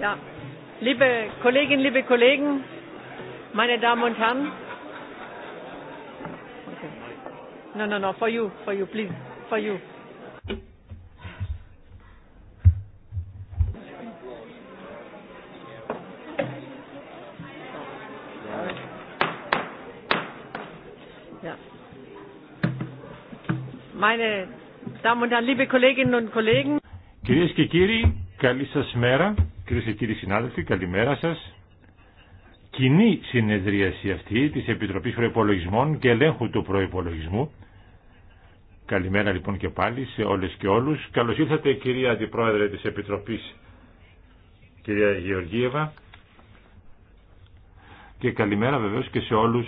Ja, liebe Kolleginnen, liebe Kollegen, meine Damen und Herren. No, no, no, for you, for you, please, for you. Ja. Meine Damen und Herren, liebe Kolleginnen und Kollegen. Κυρίες και κύριοι, καλή Κυρίε και κύριοι συνάδελφοι, καλημέρα σας. Κοινή συνεδρίαση αυτή της Επιτροπής προπολογισμών και Ελέγχου του προπολογισμού, Καλημέρα λοιπόν και πάλι σε όλες και όλους. Καλώ ήρθατε κυρία Αντιπρόεδρε της Επιτροπής, κυρία Γεωργίεβα. Και καλημέρα βεβαίως και σε όλους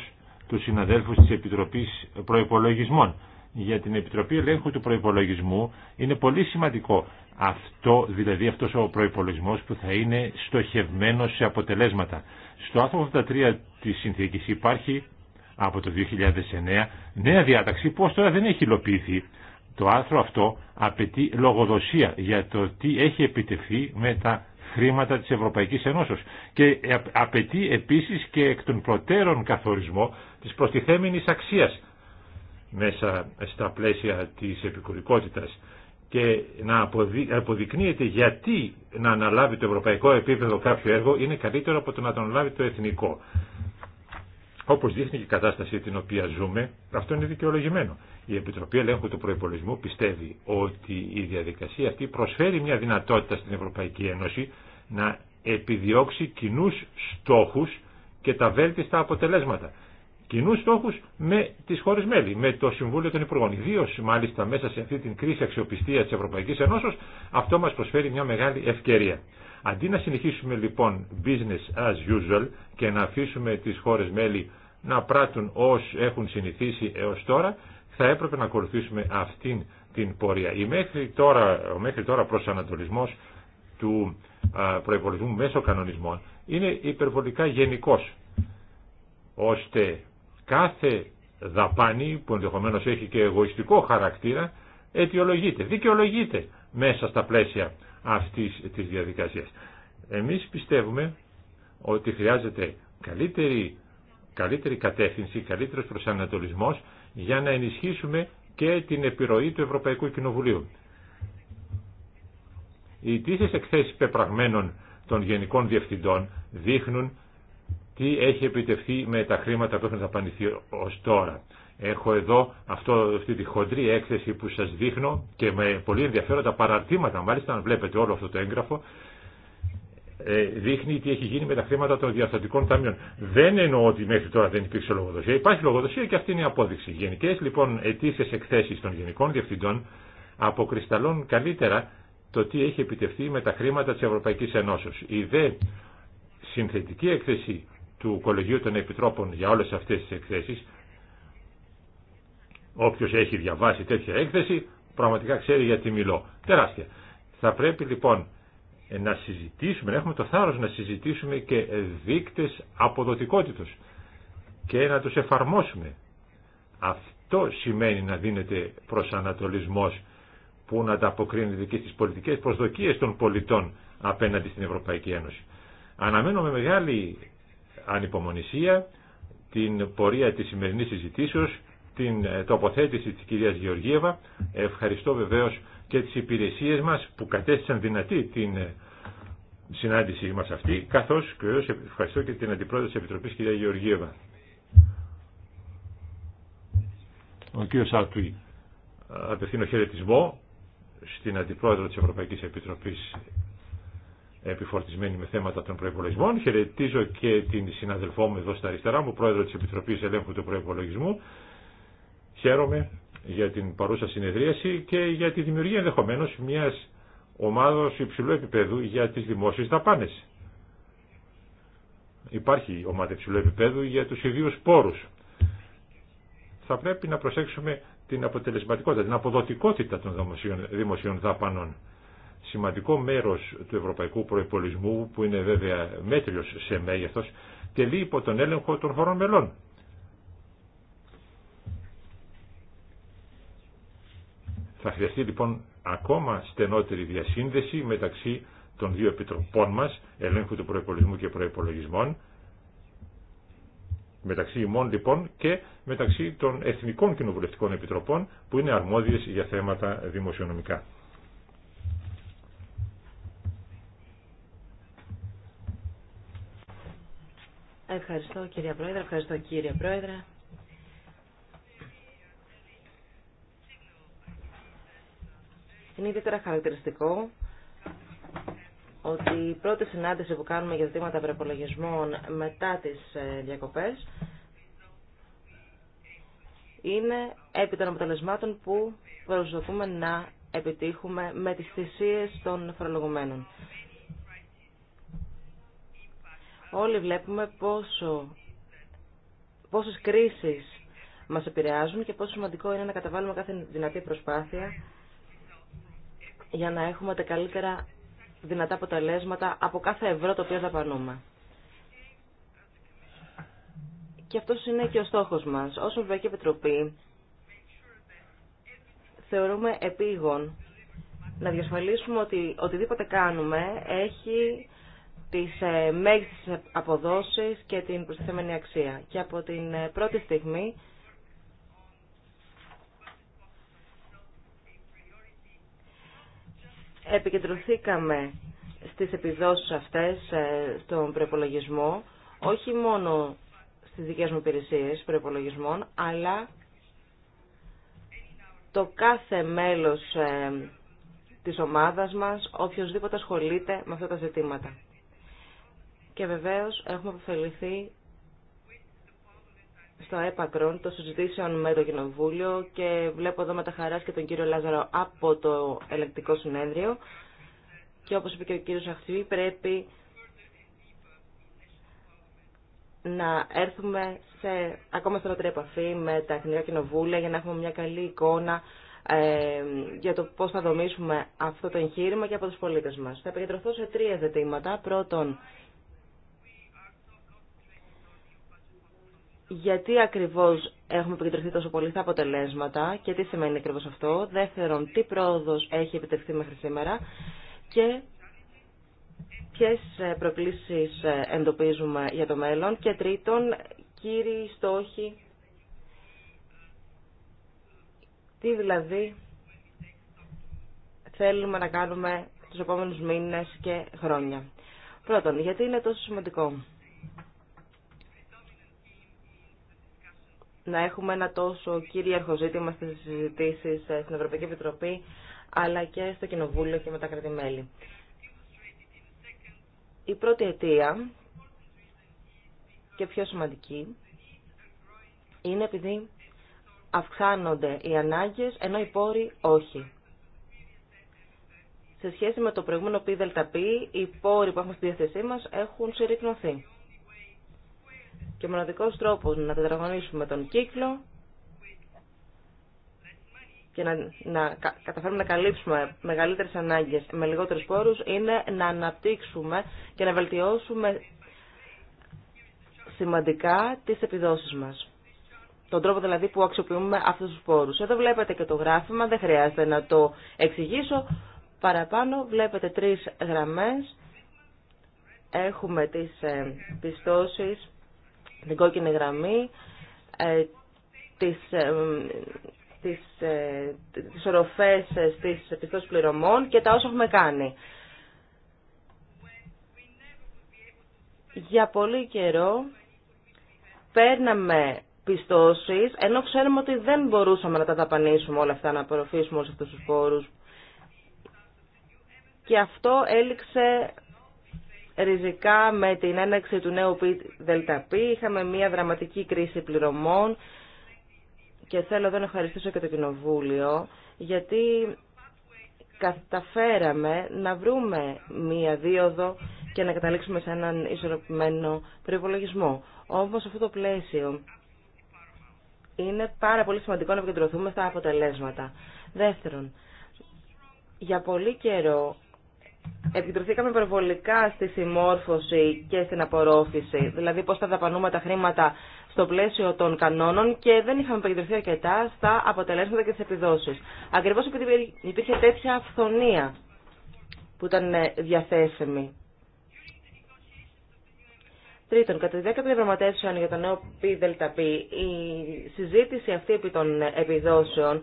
του συναδέλφους της Επιτροπής Προπολογισμών. για την Επιτροπή Ελέγχου του προπολογισμού είναι πολύ σημαντικό αυτό, δηλαδή αυτός ο προϋπολογισμός που θα είναι στοχευμένο σε αποτελέσματα. Στο άρθρο 83 της συνθήκης υπάρχει από το 2009 νέα διάταξη που ως τώρα δεν έχει υλοποιηθεί. Το άρθρο αυτό απαιτεί λογοδοσία για το τι έχει επιτευχθεί με τα χρήματα της Ευρωπαϊκής Ενώσεως και απαιτεί επίσης και εκ των προτέρων καθορισμό της προστιθέμενης αξίας μέσα στα πλαίσια της επικουρικότητας και να αποδεικνύεται γιατί να αναλάβει το ευρωπαϊκό επίπεδο κάποιο έργο είναι καλύτερο από το να το αναλάβει το εθνικό. Όπως δείχνει και η κατάσταση την οποία ζούμε, αυτό είναι δικαιολογημένο. Η Επιτροπή Ελέγχου του Προπολογισμού πιστεύει ότι η διαδικασία αυτή προσφέρει μια δυνατότητα στην Ευρωπαϊκή Ένωση να επιδιώξει κοινού στόχου και τα βέλτιστα αποτελέσματα κοινού στόχου με τι χώρε μέλη, με το Συμβούλιο των Υπουργών. Ιδίω μάλιστα μέσα σε αυτή την κρίση αξιοπιστία τη Ευρωπαϊκή Ενώσεω, αυτό μα προσφέρει μια μεγάλη ευκαιρία. Αντί να συνεχίσουμε λοιπόν business as usual και να αφήσουμε τι χώρε μέλη να πράττουν όσοι έχουν συνηθίσει έω τώρα, θα έπρεπε να ακολουθήσουμε αυτήν την πορεία. Η μέχρι τώρα, ο μέχρι τώρα προσανατολισμό του προπολογισμού μέσω κανονισμών είναι υπερβολικά γενικό ώστε κάθε δαπάνη που ενδεχομένω έχει και εγωιστικό χαρακτήρα αιτιολογείται, δικαιολογείται μέσα στα πλαίσια αυτής της διαδικασίας. Εμείς πιστεύουμε ότι χρειάζεται καλύτερη, καλύτερη κατεύθυνση, καλύτερος προσανατολισμός για να ενισχύσουμε και την επιρροή του Ευρωπαϊκού Κοινοβουλίου. Οι τίθες εκθέσεις πεπραγμένων των γενικών διευθυντών δείχνουν τι έχει επιτευχθεί με τα χρήματα που έχουν δαπανηθεί ω τώρα. Έχω εδώ αυτό, αυτή τη χοντρή έκθεση που σας δείχνω και με πολύ ενδιαφέροντα παραρτήματα, μάλιστα αν βλέπετε όλο αυτό το έγγραφο, ε, δείχνει τι έχει γίνει με τα χρήματα των διαστατικών ταμείων. Δεν εννοώ ότι μέχρι τώρα δεν υπήρξε λογοδοσία. Υπάρχει λογοδοσία και αυτή είναι η απόδειξη. Γενικέ λοιπόν αιτήσει εκθέσει των γενικών διευθυντών αποκρισταλώνουν καλύτερα το τι έχει επιτευχθεί με τα χρήματα τη Ευρωπαϊκή Ενώσεω. Η δε συνθετική έκθεση του Κολεγίου των Επιτρόπων για όλες αυτές τις εκθέσεις. Όποιος έχει διαβάσει τέτοια έκθεση πραγματικά ξέρει γιατί μιλώ. Τεράστια. Θα πρέπει λοιπόν να συζητήσουμε, να έχουμε το θάρρος να συζητήσουμε και δείκτες αποδοτικότητος και να τους εφαρμόσουμε. Αυτό σημαίνει να δίνεται προσανατολισμός που να ανταποκρίνεται και στις πολιτικές προσδοκίες των πολιτών απέναντι στην Ευρωπαϊκή Ένωση. Αναμένω με μεγάλη ανυπομονησία την πορεία της σημερινής συζητήσεως, την ε, τοποθέτηση της κυρίας Γεωργίευα. Ευχαριστώ βεβαίως και τις υπηρεσίες μας που κατέστησαν δυνατή την ε, συνάντησή μας αυτή, καθώς και ε, ευχαριστώ και την Αντιπρόεδρο της Επιτροπής κυρία Γεωργίευα. Ο κύριος Αρτουή απευθύνω χαιρετισμό στην Αντιπρόεδρο της Ευρωπαϊκής Επιτροπής επιφορτισμένη με θέματα των προπολογισμών. Χαιρετίζω και την συναδελφό μου εδώ στα αριστερά μου, πρόεδρο τη Επιτροπή Ελέγχου του Προπολογισμού. Χαίρομαι για την παρούσα συνεδρίαση και για τη δημιουργία ενδεχομένω μια ομάδα υψηλού επίπεδου για τι δημόσιε δαπάνε. Υπάρχει ομάδα υψηλού επίπεδου για του ιδίου πόρου. Θα πρέπει να προσέξουμε την αποτελεσματικότητα, την αποδοτικότητα των δημοσίων δαπανών σημαντικό μέρος του ευρωπαϊκού προϋπολισμού, που είναι βέβαια μέτριος σε μέγεθος, τελεί υπό τον έλεγχο των χωρών μελών. Θα χρειαστεί λοιπόν ακόμα στενότερη διασύνδεση μεταξύ των δύο επιτροπών μας, ελέγχου του προϋπολογισμού και προϋπολογισμών, μεταξύ ημών λοιπόν και μεταξύ των εθνικών κοινοβουλευτικών επιτροπών που είναι αρμόδιες για θέματα δημοσιονομικά. Ευχαριστώ κυρία Πρόεδρε, ευχαριστώ κύριε Πρόεδρε. Είναι ιδιαίτερα χαρακτηριστικό ότι η πρώτη συνάντηση που κάνουμε για ζητήματα προπολογισμών μετά τις ε, διακοπές είναι επί των αποτελεσμάτων που προσδοκούμε να επιτύχουμε με τις θυσίες των φορολογουμένων όλοι βλέπουμε πόσο, πόσες κρίσεις μας επηρεάζουν και πόσο σημαντικό είναι να καταβάλουμε κάθε δυνατή προσπάθεια για να έχουμε τα καλύτερα δυνατά αποτελέσματα από κάθε ευρώ το οποίο δαπανούμε. Και αυτό είναι και ο στόχος μας. Ως Ευρωπαϊκή Επιτροπή θεωρούμε επίγον να διασφαλίσουμε ότι οτιδήποτε κάνουμε έχει τις ε, μέγιστες αποδόσεις και την προσθεμένη αξία. Και από την ε, πρώτη στιγμή επικεντρωθήκαμε στις επιδόσεις αυτές ε, στον προπολογισμό, όχι μόνο στις δικές μου υπηρεσίες προπολογισμών, αλλά το κάθε μέλος της ομάδας μας, οποιοδήποτε ασχολείται με αυτά τα ζητήματα και βεβαίως έχουμε αποφεληθεί στο έπακρον των συζητήσεων με το Κοινοβούλιο και βλέπω εδώ με τα χαράς και τον κύριο Λάζαρο από το ελεκτικό συνέδριο και όπως είπε και ο κύριος Αχτσιβή πρέπει να έρθουμε σε ακόμα στενότερη επαφή με τα εθνικά κοινοβούλια για να έχουμε μια καλή εικόνα ε, για το πώς θα δομήσουμε αυτό το εγχείρημα και από τους πολίτες μας. Θα επικεντρωθώ σε τρία ζητήματα. Πρώτον, γιατί ακριβώς έχουμε επικεντρωθεί τόσο πολύ στα αποτελέσματα και τι σημαίνει ακριβώς αυτό. Δεύτερον, τι πρόοδος έχει επιτευχθεί μέχρι σήμερα και ποιες προκλήσεις εντοπίζουμε για το μέλλον. Και τρίτον, κύριοι στόχοι, τι δηλαδή θέλουμε να κάνουμε τους επόμενους μήνες και χρόνια. Πρώτον, γιατί είναι τόσο σημαντικό. να έχουμε ένα τόσο κυρίαρχο ζήτημα στις συζητήσεις ε, στην Ευρωπαϊκή Επιτροπή αλλά και στο Κοινοβούλιο και με τα κρατημέλη. Η πρώτη αιτία και πιο σημαντική είναι επειδή αυξάνονται οι ανάγκες ενώ οι πόροι όχι. Σε σχέση με το προηγούμενο ΠΔΠ, οι πόροι που έχουμε στη διάθεσή μας έχουν συρρυκνωθεί. Και ο μοναδικός τρόπος να τετραγωνίσουμε τον κύκλο και να, να καταφέρουμε να καλύψουμε μεγαλύτερες ανάγκες με λιγότερους πόρους είναι να αναπτύξουμε και να βελτιώσουμε σημαντικά τις επιδόσεις μας. Τον τρόπο δηλαδή που αξιοποιούμε αυτούς τους πόρους. Εδώ βλέπετε και το γράφημα, δεν χρειάζεται να το εξηγήσω. Παραπάνω βλέπετε τρεις γραμμές. Έχουμε τις ε, πιστώσεις την κόκκινη γραμμή ε, τις, ε, τις, ε, τις οροφές ε, στις πληρωμών και τα όσα έχουμε κάνει. Για πολύ καιρό παίρναμε πιστώσεις, ενώ ξέρουμε ότι δεν μπορούσαμε να τα ταπανίσουμε όλα αυτά, να απορροφήσουμε όλους αυτούς τους πόρους. Και αυτό έληξε ριζικά με την έναρξη του νέου ΔΠ, είχαμε μια δραματική κρίση πληρωμών και θέλω εδώ να ευχαριστήσω και το Κοινοβούλιο γιατί καταφέραμε να βρούμε μία δίωδο και να καταλήξουμε σε έναν ισορροπημένο προϋπολογισμό. Όμως αυτό το πλαίσιο είναι πάρα πολύ σημαντικό να επικεντρωθούμε στα αποτελέσματα. Δεύτερον, για πολύ καιρό επικεντρωθήκαμε προβολικά στη συμμόρφωση και στην απορρόφηση, δηλαδή πώς θα δαπανούμε τα χρήματα στο πλαίσιο των κανόνων και δεν είχαμε επικεντρωθεί αρκετά στα αποτελέσματα και τις επιδόσεις. Ακριβώς επειδή υπήρχε τέτοια αυθονία που ήταν ε, διαθέσιμη. Τρίτον, κατά τη δέκατη διαπραγματεύσεων για το νέο ΠΔΠ, η συζήτηση αυτή επί των επιδόσεων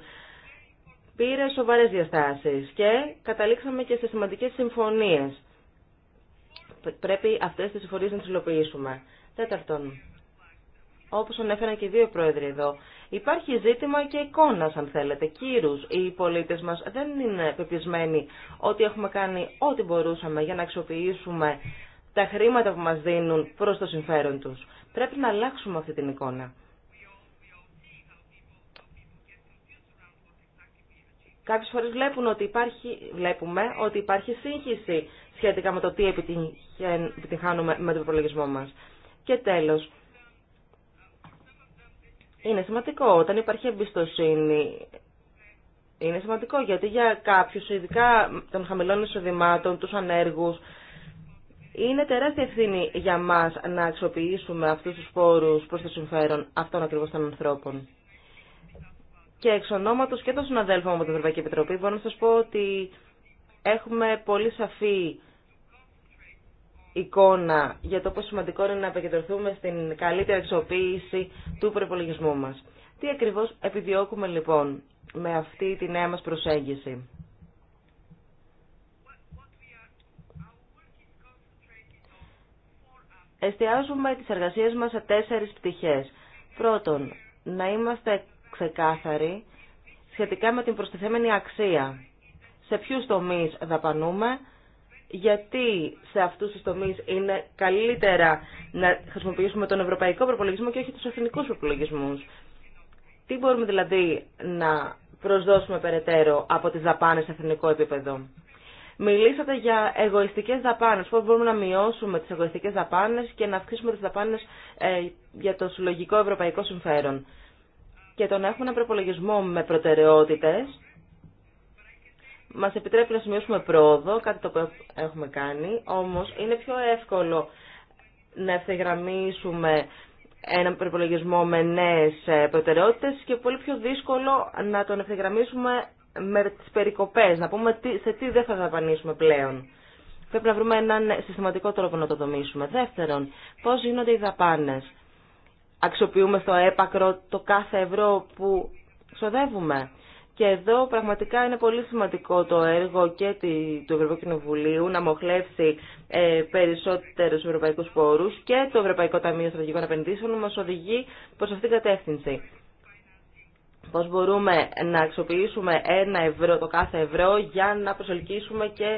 πήρε σοβαρέ διαστάσει και καταλήξαμε και σε σημαντικέ συμφωνίε. Πρέπει αυτέ τι συμφωνίε να τι υλοποιήσουμε. Τέταρτον, Όπω ανέφεραν και οι δύο πρόεδροι εδώ, υπάρχει ζήτημα και εικόνα, αν θέλετε. Κύρου οι πολίτε μα δεν είναι πεπισμένοι ότι έχουμε κάνει ό,τι μπορούσαμε για να αξιοποιήσουμε τα χρήματα που μα δίνουν προ το συμφέρον του. Πρέπει να αλλάξουμε αυτή την εικόνα. Κάποιες φορές βλέπουν ότι υπάρχει, βλέπουμε ότι υπάρχει σύγχυση σχετικά με το τι επιτυχάνουμε με τον προλογισμό μας. Και τέλος, είναι σημαντικό όταν υπάρχει εμπιστοσύνη. Είναι σημαντικό γιατί για κάποιους, ειδικά των χαμηλών εισοδημάτων, τους ανέργους, είναι τεράστια ευθύνη για μας να αξιοποιήσουμε αυτούς τους πόρους προς το συμφέρον αυτών ακριβώς των ανθρώπων. Και εξ ονόματο και των συναδέλφων από την Ευρωπαϊκή Επιτροπή μπορώ να σα πω ότι έχουμε πολύ σαφή εικόνα για το πόσο σημαντικό είναι να επικεντρωθούμε στην καλύτερη αξιοποίηση του προπολογισμού μας. Τι ακριβώς επιδιώκουμε λοιπόν με αυτή τη νέα μα προσέγγιση. Εστιάζουμε τις εργασίες μας σε τέσσερις πτυχές. Πρώτον, να είμαστε ξεκάθαρη σχετικά με την προστιθέμενη αξία. Σε ποιους τομείς δαπανούμε, γιατί σε αυτούς τους τομείς είναι καλύτερα να χρησιμοποιήσουμε τον ευρωπαϊκό προπολογισμό και όχι τους εθνικούς προπολογισμούς. Τι μπορούμε δηλαδή να προσδώσουμε περαιτέρω από τις δαπάνες σε εθνικό επίπεδο. Μιλήσατε για εγωιστικές δαπάνες, πώς μπορούμε να μειώσουμε τις εγωιστικές δαπάνες και να αυξήσουμε τις δαπάνες ε, για το συλλογικό ευρωπαϊκό συμφέρον και το να έχουμε ένα προπολογισμό με προτεραιότητες μας επιτρέπει να σημειώσουμε πρόοδο, κάτι το οποίο έχουμε κάνει, όμως είναι πιο εύκολο να ευθεγραμμίσουμε έναν προπολογισμό με νέες ε, προτεραιότητες και πολύ πιο δύσκολο να τον ευθεγραμμίσουμε με τις περικοπές, να πούμε σε τι δεν θα δαπανίσουμε πλέον. Πρέπει να βρούμε έναν συστηματικό τρόπο να το δομήσουμε. Δεύτερον, πώς γίνονται οι δαπάνες αξιοποιούμε στο έπακρο το κάθε ευρώ που ξοδεύουμε. Και εδώ πραγματικά είναι πολύ σημαντικό το έργο και του Ευρωπαϊκού Κοινοβουλίου να μοχλεύσει ε, περισσότερους ευρωπαϊκούς πόρους και το Ευρωπαϊκό Ταμείο Στρατηγικών Επενδύσεων μας οδηγεί προς αυτήν την κατεύθυνση. Πώς μπορούμε να αξιοποιήσουμε ένα ευρώ, το κάθε ευρώ, για να προσελκύσουμε και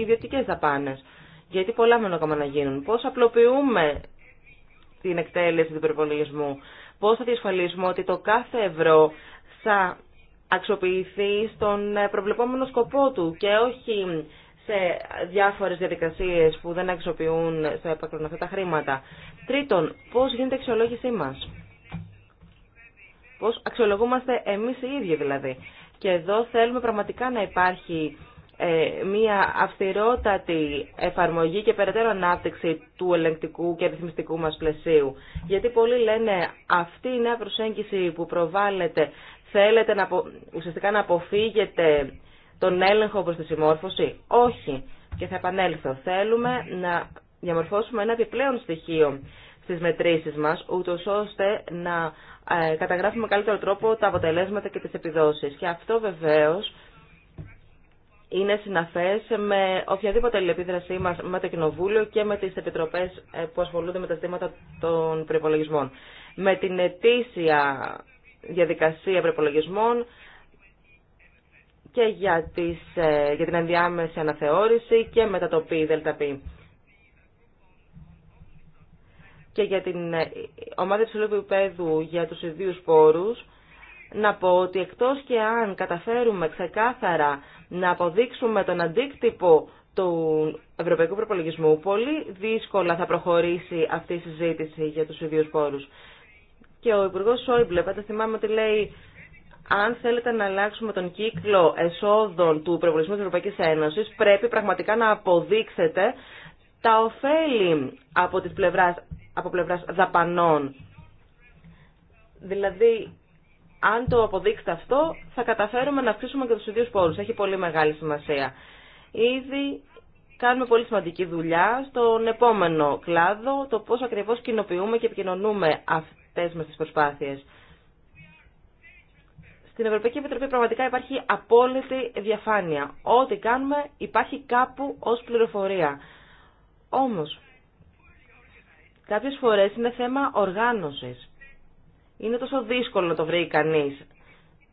ιδιωτικές δαπάνες. Γιατί πολλά μένουν ακόμα να γίνουν. Πώς απλοποιούμε την εκτέλεση του προπολογισμού. Πώς θα διασφαλίσουμε ότι το κάθε ευρώ θα αξιοποιηθεί στον ε, προβλεπόμενο σκοπό του και όχι σε διάφορες διαδικασίες που δεν αξιοποιούν σε έπακρον τα χρήματα. Τρίτον, πώς γίνεται η αξιολόγησή μας. Πώς αξιολογούμαστε εμείς οι ίδιοι δηλαδή. Και εδώ θέλουμε πραγματικά να υπάρχει ε, μια αυστηρότατη εφαρμογή και περαιτέρω ανάπτυξη του ελεγκτικού και ρυθμιστικού μας πλαισίου. Γιατί πολλοί λένε αυτή η νέα προσέγγιση που προβάλλεται θέλετε να, ουσιαστικά να αποφύγετε τον έλεγχο προς τη συμμόρφωση. Όχι. Και θα επανέλθω. Θέλουμε να διαμορφώσουμε ένα επιπλέον στοιχείο στις μετρήσεις μας, ούτως ώστε να ε, καταγράφουμε καλύτερο τρόπο τα αποτελέσματα και τις επιδόσεις. Και αυτό βεβαίως είναι συναφές με οποιαδήποτε αλληλεπίδρασή μας με το Κοινοβούλιο και με τις επιτροπές ε, που ασχολούνται με τα ζητήματα των προπολογισμών. Με την ετήσια διαδικασία προπολογισμών και για, τις, ε, για την ενδιάμεση αναθεώρηση και με τα μετατοπή ΔΕΛΤΑΠΗ. Και για την ε, ομάδα υψηλού επίπεδου για τους ιδίους πόρους, να πω ότι εκτός και αν καταφέρουμε ξεκάθαρα να αποδείξουμε τον αντίκτυπο του ευρωπαϊκού προπολογισμού, πολύ δύσκολα θα προχωρήσει αυτή η συζήτηση για τους ιδίους πόρους. Και ο Υπουργός Σόιμπλε, πάντα θυμάμαι ότι λέει, αν θέλετε να αλλάξουμε τον κύκλο εσόδων του προπολογισμού της Ευρωπαϊκής Ένωσης, πρέπει πραγματικά να αποδείξετε τα ωφέλη από, τις πλευράς, από πλευράς δαπανών. Δηλαδή, αν το αποδείξετε αυτό, θα καταφέρουμε να αυξήσουμε και τους ίδιους πόρους. Έχει πολύ μεγάλη σημασία. Ήδη κάνουμε πολύ σημαντική δουλειά στον επόμενο κλάδο, το πώς ακριβώς κοινοποιούμε και επικοινωνούμε αυτές μας τις προσπάθειες. Στην Ευρωπαϊκή Επιτροπή πραγματικά υπάρχει απόλυτη διαφάνεια. Ό,τι κάνουμε υπάρχει κάπου ως πληροφορία. Όμως, κάποιες φορές είναι θέμα οργάνωσης είναι τόσο δύσκολο να το βρει κανείς.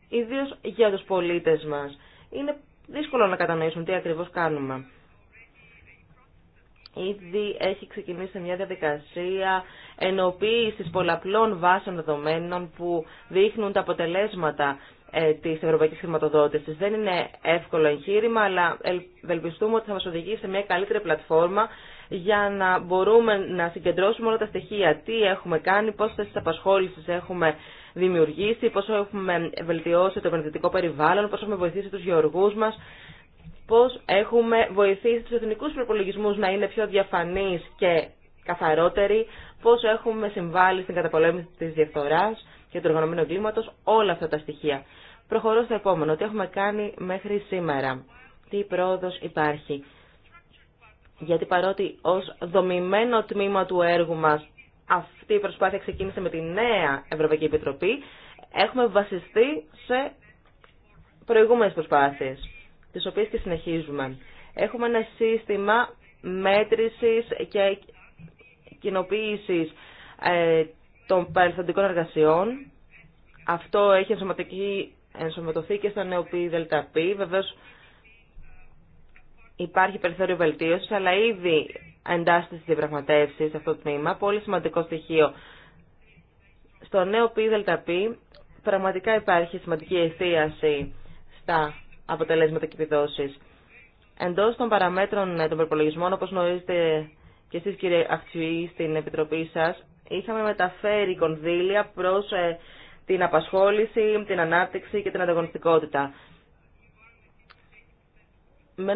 Ιδίω για τους πολίτες μας. Είναι δύσκολο να κατανοήσουν τι ακριβώς κάνουμε. Ήδη έχει ξεκινήσει μια διαδικασία ενοποίησης πολλαπλών βάσεων δεδομένων που δείχνουν τα αποτελέσματα ε, της ευρωπαϊκής χρηματοδότησης. Δεν είναι εύκολο εγχείρημα, αλλά ελπιστούμε ότι θα μας οδηγήσει σε μια καλύτερη πλατφόρμα για να μπορούμε να συγκεντρώσουμε όλα τα στοιχεία. Τι έχουμε κάνει, πόσε θέσει απασχόληση έχουμε δημιουργήσει, πόσο έχουμε βελτιώσει το επενδυτικό περιβάλλον, πόσο έχουμε βοηθήσει του γεωργού μα, πώ έχουμε βοηθήσει του εθνικού προπολογισμού να είναι πιο διαφανεί και καθαρότεροι, πόσο έχουμε συμβάλει στην καταπολέμηση τη διαφθορά και του οργανωμένου κλίματο, όλα αυτά τα στοιχεία. Προχωρώ στο επόμενο. Τι έχουμε κάνει μέχρι σήμερα. Τι πρόοδο υπάρχει γιατί παρότι ως δομημένο τμήμα του έργου μας αυτή η προσπάθεια ξεκίνησε με τη νέα Ευρωπαϊκή Επιτροπή, έχουμε βασιστεί σε προηγούμενες προσπάθειες, τις οποίες και συνεχίζουμε. Έχουμε ένα σύστημα μέτρησης και κοινοποίησης ε, των παρελθοντικών εργασιών. Αυτό έχει ενσωματωθεί και στα νέο ΠΔΠ. Βεβαίως υπάρχει περιθώριο βελτίωση, αλλά ήδη εντάσσεται στι διαπραγματεύσει σε αυτό το τμήμα. Πολύ σημαντικό στοιχείο. Στο νέο ΠΔΠ πραγματικά υπάρχει σημαντική εστίαση στα αποτελέσματα και επιδόσει. Εντό των παραμέτρων ε, των προπολογισμών, όπω γνωρίζετε και εσεί κύριε Αχτσουή στην επιτροπή σα, είχαμε μεταφέρει κονδύλια προ ε, την απασχόληση, την ανάπτυξη και την ανταγωνιστικότητα. Με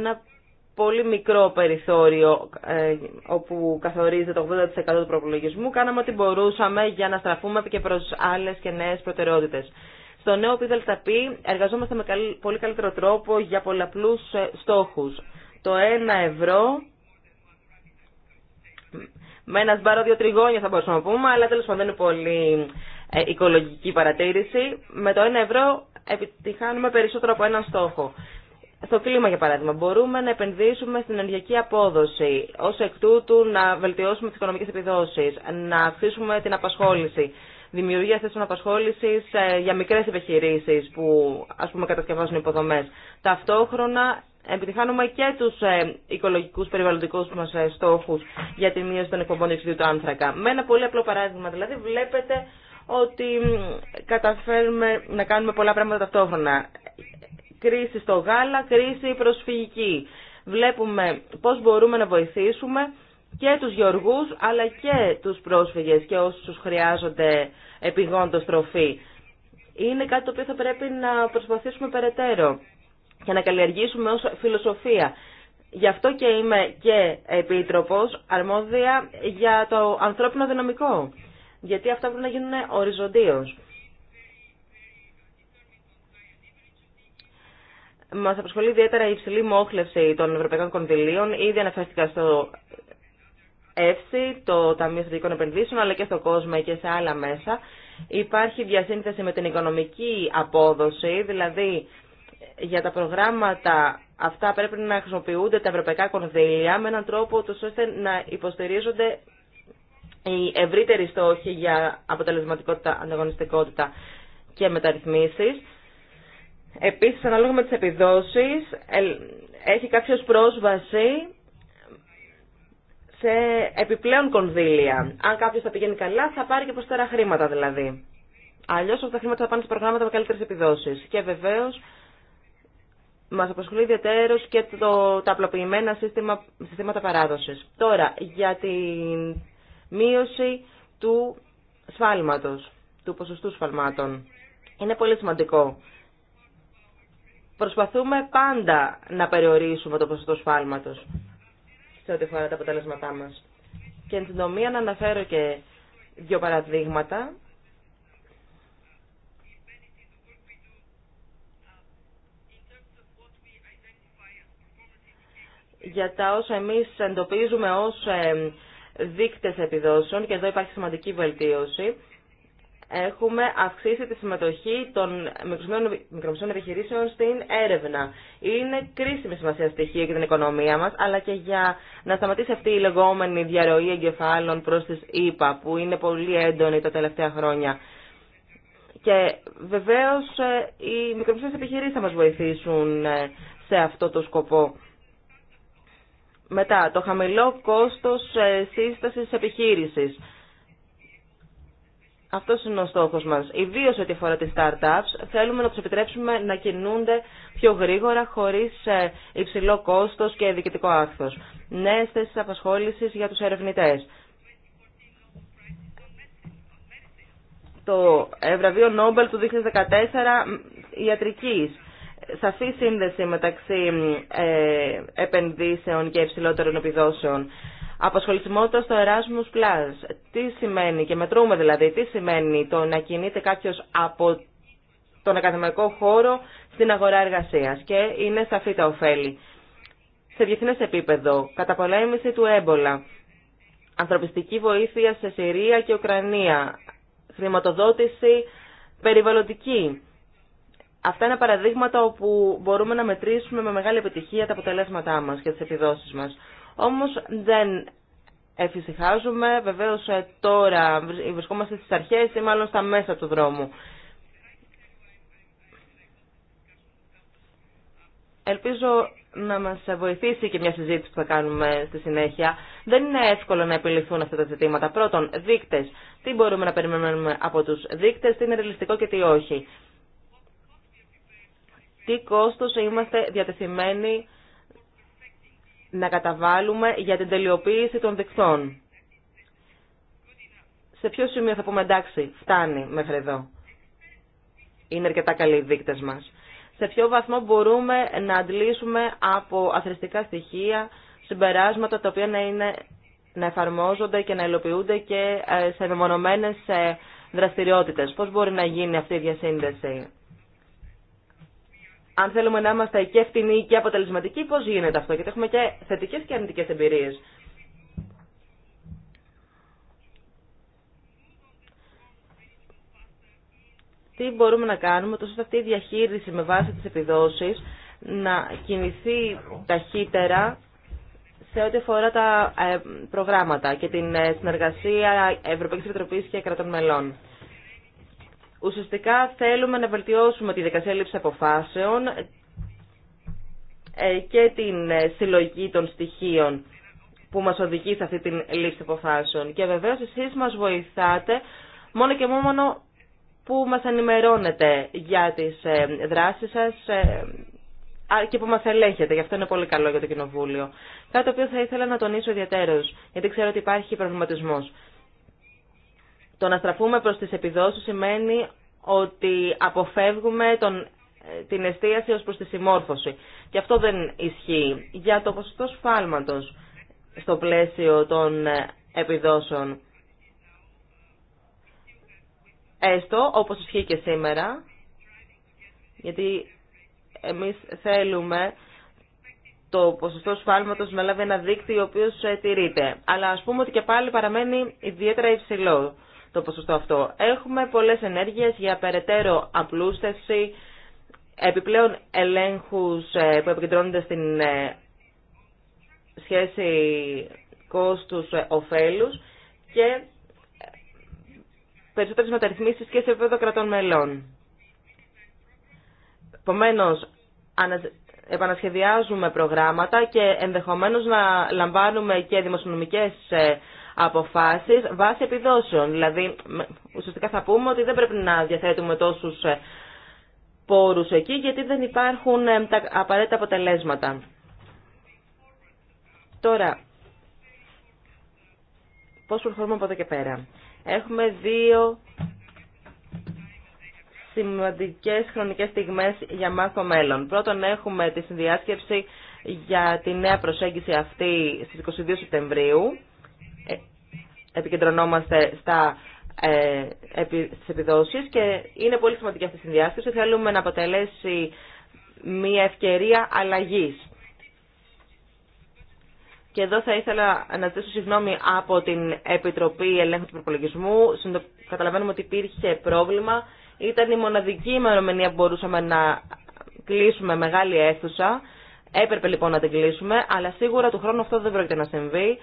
πολύ μικρό περιθώριο ε, όπου καθορίζεται το 80% του προπολογισμού, κάναμε ό,τι μπορούσαμε για να στραφούμε και προς άλλες και νέε προτεραιότητες. Στο νέο ΠΔΠ εργαζόμαστε με πολύ καλύτερο τρόπο για πολλαπλούς ε, στόχους. Το 1 ευρώ με ένα σμπάρο δύο τριγώνια θα μπορούσαμε να πούμε, αλλά τέλο πάντων δεν είναι πολύ ε, οικολογική παρατήρηση. Με το 1 ευρώ επιτυχάνουμε περισσότερο από έναν στόχο στο κλίμα για παράδειγμα, μπορούμε να επενδύσουμε στην ενεργειακή απόδοση, ω εκ τούτου να βελτιώσουμε τι οικονομικέ επιδόσει, να αυξήσουμε την απασχόληση, δημιουργία θέσεων απασχόληση ε, για μικρέ επιχειρήσει που α πούμε κατασκευάζουν υποδομέ. Ταυτόχρονα επιτυχάνουμε και του ε, οικολογικού περιβαλλοντικού μα ε, στόχου για τη μείωση των εκπομπών διοξιδίου του άνθρακα. Με ένα πολύ απλό παράδειγμα, δηλαδή βλέπετε ότι καταφέρουμε να κάνουμε πολλά πράγματα ταυτόχρονα κρίση στο γάλα, κρίση προσφυγική. Βλέπουμε πώς μπορούμε να βοηθήσουμε και τους γεωργούς αλλά και τους πρόσφυγες και όσους χρειάζονται επιγόντως τροφή. Είναι κάτι το οποίο θα πρέπει να προσπαθήσουμε περαιτέρω και να καλλιεργήσουμε ως φιλοσοφία. Γι' αυτό και είμαι και επίτροπος αρμόδια για το ανθρώπινο δυναμικό. Γιατί αυτά πρέπει να γίνουν οριζοντίως. Μα απασχολεί ιδιαίτερα η υψηλή μόχλευση των ευρωπαϊκών κονδυλίων. Ήδη αναφέρθηκα στο ΕΦΣΥ, το Ταμείο Στρατηγικών Επενδύσεων, αλλά και στο κόσμο και σε άλλα μέσα. Υπάρχει διασύνθεση με την οικονομική απόδοση, δηλαδή για τα προγράμματα αυτά πρέπει να χρησιμοποιούνται τα ευρωπαϊκά κονδύλια με έναν τρόπο ώστε να υποστηρίζονται οι ευρύτεροι στόχοι για αποτελεσματικότητα, ανταγωνιστικότητα και μεταρρυθμίσεις. Επίσης, ανάλογα με τις επιδόσεις, έχει κάποιος πρόσβαση σε επιπλέον κονδύλια. Αν κάποιος θα πηγαίνει καλά, θα πάρει και προσθέρα χρήματα δηλαδή. Αλλιώς αυτά τα χρήματα θα πάνε σε προγράμματα με καλύτερες επιδόσεις. Και βεβαίως, μας απασχολεί ιδιαίτερως και το, τα απλοποιημένα σύστημα, συστήματα παράδοσης. Τώρα, για τη μείωση του σφάλματος, του ποσοστού σφαλμάτων. Είναι πολύ σημαντικό. Προσπαθούμε πάντα να περιορίσουμε το ποσοστό σφάλματος σε ό,τι αφορά τα αποτελέσματά μας. Και εν συντομία να αναφέρω και δύο παραδείγματα. για τα όσα εμείς εντοπίζουμε ως ε, δείκτες επιδόσεων και εδώ υπάρχει σημαντική βελτίωση έχουμε αυξήσει τη συμμετοχή των μικρομεσαίων επιχειρήσεων στην έρευνα. Είναι κρίσιμη σημασία στοιχεία για την οικονομία μας, αλλά και για να σταματήσει αυτή η λεγόμενη διαρροή εγκεφάλων προς τις ΗΠΑ, που είναι πολύ έντονη τα τελευταία χρόνια. Και βεβαίως ε, οι μικρομεσαίες επιχειρήσεις θα μας βοηθήσουν ε, σε αυτό το σκοπό. Μετά, το χαμηλό κόστος ε, σύστασης επιχείρησης. Αυτό είναι ο στόχο μα. Ιδίω ό,τι αφορά τι startups, θέλουμε να του επιτρέψουμε να κινούνται πιο γρήγορα, χωρί ε, υψηλό κόστο και διοικητικό άκθο. Νέε θέσει απασχόληση για του ερευνητέ. Το βραβείο Νόμπελ του 2014 ιατρικής. Σαφή σύνδεση μεταξύ ε, επενδύσεων και υψηλότερων επιδόσεων. Απασχολησιμότητα στο Erasmus Plus. Τι σημαίνει και μετρούμε δηλαδή, τι σημαίνει το να κινείται κάποιο από τον ακαδημαϊκό χώρο στην αγορά εργασία και είναι σαφή τα ωφέλη. Σε διεθνέ επίπεδο, καταπολέμηση του έμπολα, ανθρωπιστική βοήθεια σε Συρία και Ουκρανία, χρηματοδότηση περιβαλλοντική. Αυτά είναι παραδείγματα όπου μπορούμε να μετρήσουμε με μεγάλη επιτυχία τα αποτελέσματά μας και τις επιδόσεις μας. Όμως δεν εφησυχάζουμε. Βεβαίως ε, τώρα βρισκόμαστε στις αρχές ή μάλλον στα μέσα του δρόμου. Ελπίζω να μας βοηθήσει και μια συζήτηση που θα κάνουμε στη συνέχεια. Δεν είναι εύκολο να επιληθούν αυτά τα ζητήματα. Πρώτον, δείκτες. Τι μπορούμε να περιμένουμε από τους δείκτες, τι είναι ρεαλιστικό και τι όχι. Τι κόστος είμαστε διατεθειμένοι να καταβάλουμε για την τελειοποίηση των δικτών. Σε ποιο σημείο θα πούμε εντάξει, φτάνει μέχρι εδώ. Είναι αρκετά καλοί οι δείκτες μας. Σε ποιο βαθμό μπορούμε να αντλήσουμε από αθρηστικά στοιχεία συμπεράσματα τα οποία να, είναι, να εφαρμόζονται και να υλοποιούνται και ε, σε μεμονωμένες ε, δραστηριότητες. Πώς μπορεί να γίνει αυτή η διασύνδεση αν θέλουμε να είμαστε και φτηνοί και αποτελεσματικοί, πώς γίνεται αυτό, γιατί έχουμε και θετικές και αρνητικές εμπειρίες. Τι μπορούμε να κάνουμε, τόσο αυτή η διαχείριση με βάση τις επιδόσεις, να κινηθεί ταχύτερα σε ό,τι αφορά τα ε, προγράμματα και την ε, συνεργασία Ευρωπαϊκής Επιτροπής και κρατών μελών. Ουσιαστικά θέλουμε να βελτιώσουμε τη δικασία λήψη αποφάσεων ε, και την ε, συλλογή των στοιχείων που μας οδηγεί σε αυτή την λήψη αποφάσεων. Και βεβαίως εσείς μας βοηθάτε μόνο και μόνο που μας ενημερώνετε για τις ε, δράσεις σας και που μας ελέγχετε. Γι' αυτό είναι πολύ καλό για το Κοινοβούλιο. Κάτι το οποίο θα ήθελα να τονίσω ιδιαίτερως, γιατί ξέρω ότι υπάρχει προβληματισμός. Το να στραφούμε προς τις επιδόσεις σημαίνει ότι αποφεύγουμε τον, ε, την εστίαση ως προς τη συμμόρφωση. Και αυτό δεν ισχύει. Για το ποσοστό σφάλματος στο πλαίσιο των ε, επιδόσεων. Έστω, όπως ισχύει και σήμερα, γιατί εμείς θέλουμε το ποσοστό σφάλματος να λάβει ένα δίκτυο ο οποίος ε, τηρείται. Αλλά ας πούμε ότι και πάλι παραμένει ιδιαίτερα υψηλό το ποσοστό αυτό. Έχουμε πολλές ενέργειες για περαιτέρω απλούστευση, επιπλέον ελέγχους ε, που επικεντρώνονται στην ε, σχέση κόστους-οφέλους ε, και περισσότερες μεταρρυθμίσεις και σε επίπεδο κρατών μελών. Επομένω, επανασχεδιάζουμε προγράμματα και ενδεχομένως να λαμβάνουμε και δημοσιονομικές αποφάσεις βάσει επιδόσεων. Δηλαδή, ουσιαστικά θα πούμε ότι δεν πρέπει να διαθέτουμε τόσους ε, πόρους εκεί, γιατί δεν υπάρχουν ε, τα απαραίτητα αποτελέσματα. Τώρα, πώς προχωρούμε από εδώ και πέρα. Έχουμε δύο σημαντικές χρονικές στιγμές για μάθο μέλλον. Πρώτον, έχουμε τη συνδιάσκεψη για τη νέα προσέγγιση αυτή στις 22 Σεπτεμβρίου επικεντρωνόμαστε στα, ε, στις επιδόσεις και είναι πολύ σημαντική αυτή η συνδιάσκεψη. Θέλουμε να αποτελέσει μια ευκαιρία αλλαγής. Και εδώ θα ήθελα να ζητήσω συγγνώμη από την Επιτροπή Ελέγχου του Προπολογισμού. Καταλαβαίνουμε ότι υπήρχε πρόβλημα. Ήταν η μοναδική ημερομηνία που μπορούσαμε να κλείσουμε μεγάλη αίθουσα. Έπρεπε λοιπόν να την κλείσουμε, αλλά σίγουρα του χρόνου αυτό δεν πρόκειται να συμβεί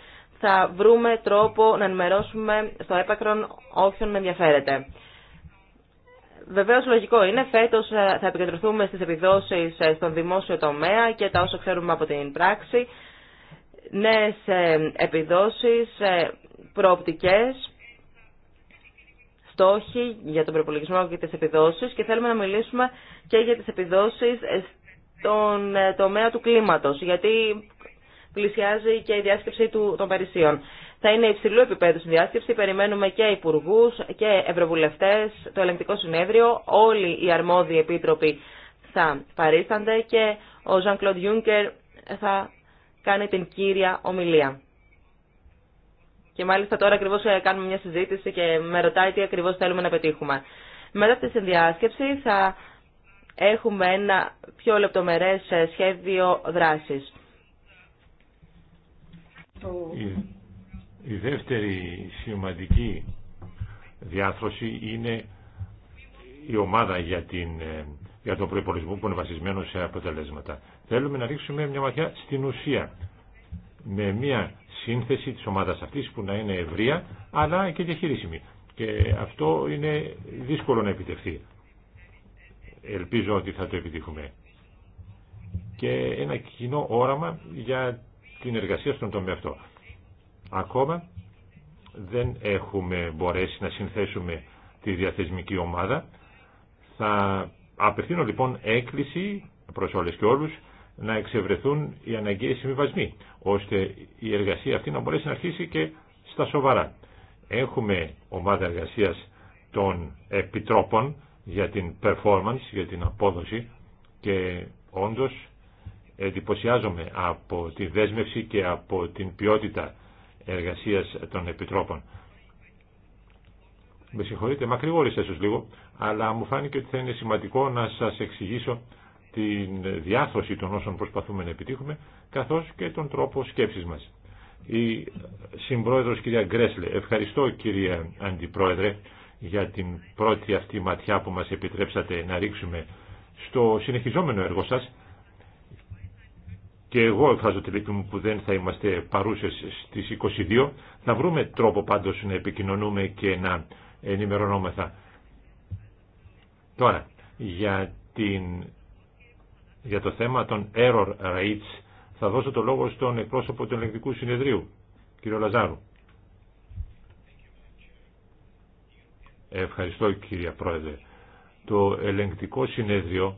θα βρούμε τρόπο να ενημερώσουμε στο έπακρον όποιον ενδιαφέρεται. Βεβαίω λογικό είναι, φέτο ε, θα επικεντρωθούμε στι επιδόσεις ε, στον δημόσιο τομέα και τα όσα ξέρουμε από την πράξη. Νέε επιδόσει, ε, προοπτικές, στόχοι για τον προπολογισμό και τι επιδόσει και θέλουμε να μιλήσουμε και για τι επιδόσει στον τομέα του κλίματο. Γιατί πλησιάζει και η διάσκεψη του, των Παρισίων. Θα είναι υψηλού επίπεδου η διάσκεψη. Περιμένουμε και υπουργού και ευρωβουλευτέ, το ελεγκτικό συνέδριο. Όλοι οι αρμόδιοι επίτροποι θα παρίστανται και ο Ζαν Κλοντ γιουγκερ θα κάνει την κύρια ομιλία. Και μάλιστα τώρα ακριβώ ε, κάνουμε μια συζήτηση και με ρωτάει τι ακριβώ θέλουμε να πετύχουμε. Μετά τη συνδιάσκεψη θα έχουμε ένα πιο λεπτομερές ε, σχέδιο δράσης. Η, δεύτερη σημαντική διάθρωση είναι η ομάδα για, την, ε, για τον προπολογισμό που είναι βασισμένο σε αποτελέσματα. Θέλουμε να ρίξουμε μια ματιά στην ουσία με μια σύνθεση της ομάδας αυτής που να είναι ευρεία αλλά και διαχειρίσιμη. Και αυτό είναι δύσκολο να επιτευχθεί. Ελπίζω ότι θα το επιτύχουμε. Και ένα κοινό όραμα για την εργασία στον τομέα αυτό. Ακόμα δεν έχουμε μπορέσει να συνθέσουμε τη διαθεσμική ομάδα. Θα απευθύνω λοιπόν έκκληση προς όλες και όλους να εξευρεθούν οι αναγκαίες συμβιβασμοί, ώστε η εργασία αυτή να μπορέσει να αρχίσει και στα σοβαρά. Έχουμε ομάδα εργασίας των επιτρόπων για την performance, για την απόδοση και όντως εντυπωσιάζομαι από τη δέσμευση και από την ποιότητα εργασίας των επιτρόπων. Με συγχωρείτε, μακρυγόρισα ίσως λίγο, αλλά μου φάνηκε ότι θα είναι σημαντικό να σας εξηγήσω την διάθρωση των όσων προσπαθούμε να επιτύχουμε, καθώς και τον τρόπο σκέψης μας. Η Συμπρόεδρος κυρία Γκρέσλε, ευχαριστώ κυρία Αντιπρόεδρε για την πρώτη αυτή ματιά που μας επιτρέψατε να ρίξουμε στο συνεχιζόμενο έργο σας και εγώ εκφράζω τη λύπη μου που δεν θα είμαστε παρούσες στις 22. Θα βρούμε τρόπο πάντως να επικοινωνούμε και να ενημερωνόμεθα. Τώρα, για, την, για το θέμα των error rates θα δώσω το λόγο στον εκπρόσωπο του Ελεκτικού Συνεδρίου, κύριο Λαζάρου. Ευχαριστώ κύριε Πρόεδρε. Το ελεγκτικό συνέδριο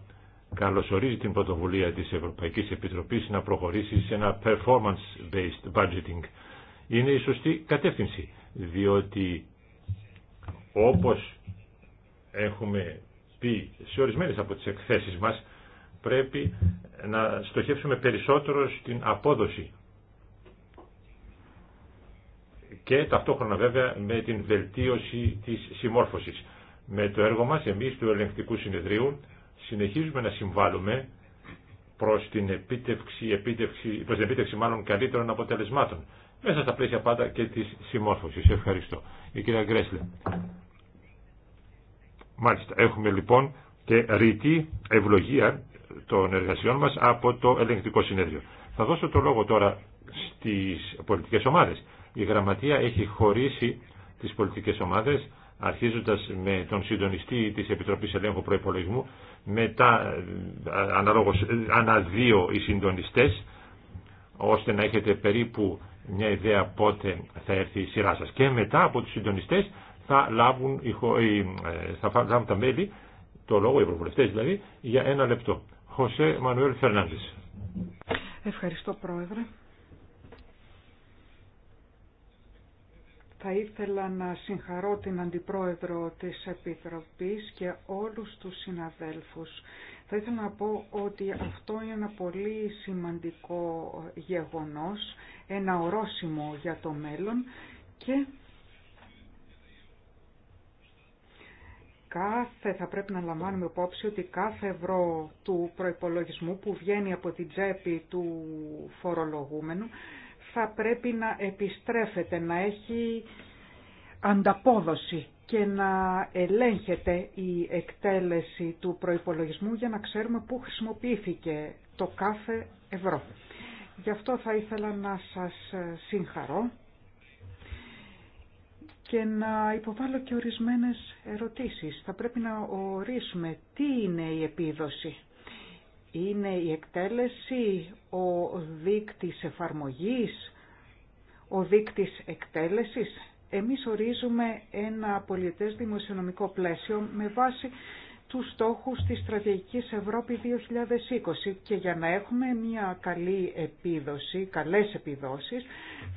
καλωσορίζει την πρωτοβουλία της Ευρωπαϊκής Επιτροπής να προχωρήσει σε ένα performance-based budgeting. Είναι η σωστή κατεύθυνση, διότι όπως έχουμε πει σε ορισμένες από τις εκθέσεις μας, πρέπει να στοχεύσουμε περισσότερο στην απόδοση και ταυτόχρονα βέβαια με την βελτίωση της συμμόρφωσης. Με το έργο μας εμείς του Ελεγκτικού Συνεδρίου συνεχίζουμε να συμβάλλουμε προς την επίτευξη, επίτευξη, προς την επίτευξη μάλλον καλύτερων αποτελεσμάτων μέσα στα πλαίσια πάντα και της συμμόρφωσης. Ευχαριστώ. Η κυρία Γκρέσλε. Μάλιστα, έχουμε λοιπόν και ρητή ευλογία των εργασιών μας από το ελεγκτικό συνέδριο. Θα δώσω το λόγο τώρα στις πολιτικές ομάδες. Η γραμματεία έχει χωρίσει τις πολιτικές ομάδες αρχίζοντας με τον συντονιστή της Επιτροπής Ελέγχου Προϋπολογισμού μετά ε, αναλόγως ε, οι συντονιστές ώστε να έχετε περίπου μια ιδέα πότε θα έρθει η σειρά σας και μετά από τους συντονιστές θα λάβουν, ε, θα λάβουν τα μέλη το λόγο, οι ευρωβουλευτές δηλαδή, για ένα λεπτό. Χωσέ Μανουέλ Φερνάνδης. Ευχαριστώ Πρόεδρε. Θα ήθελα να συγχαρώ την Αντιπρόεδρο της Επιτροπής και όλους τους συναδέλφους. Θα ήθελα να πω ότι αυτό είναι ένα πολύ σημαντικό γεγονός, ένα ορόσημο για το μέλλον και κάθε, θα πρέπει να λαμβάνουμε υπόψη ότι κάθε ευρώ του προϋπολογισμού που βγαίνει από την τσέπη του φορολογούμενου θα πρέπει να επιστρέφεται, να έχει ανταπόδοση και να ελέγχεται η εκτέλεση του προϋπολογισμού για να ξέρουμε πού χρησιμοποιήθηκε το κάθε ευρώ. Γι' αυτό θα ήθελα να σας συγχαρώ και να υποβάλω και ορισμένες ερωτήσεις. Θα πρέπει να ορίσουμε τι είναι η επίδοση είναι η εκτέλεση ο δείκτης εφαρμογής, ο δείκτης εκτέλεσης. Εμείς ορίζουμε ένα πολιτές δημοσιονομικό πλαίσιο με βάση τους στόχους της Στρατηγικής Ευρώπη 2020 και για να έχουμε μια καλή επίδοση, καλές επιδόσεις,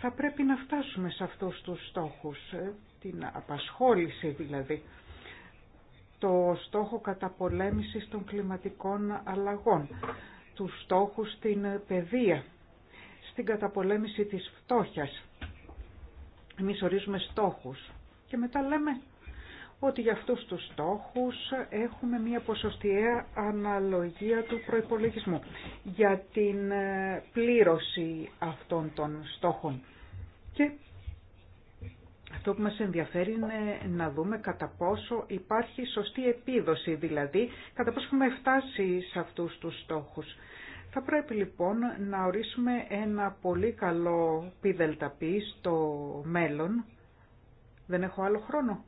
θα πρέπει να φτάσουμε σε αυτούς τους στόχους, ε, την απασχόληση δηλαδή το στόχο καταπολέμησης των κλιματικών αλλαγών, του στόχου στην παιδεία, στην καταπολέμηση της φτώχειας. Εμείς ορίζουμε στόχους και μετά λέμε ότι για αυτούς τους στόχους έχουμε μία ποσοστιαία αναλογία του προϋπολογισμού για την πλήρωση αυτών των στόχων. Και αυτό που μας ενδιαφέρει είναι να δούμε κατά πόσο υπάρχει σωστή επίδοση, δηλαδή κατά πόσο έχουμε φτάσει σε αυτούς τους στόχους. Θα πρέπει λοιπόν να ορίσουμε ένα πολύ καλό πι στο μέλλον. Δεν έχω άλλο χρόνο.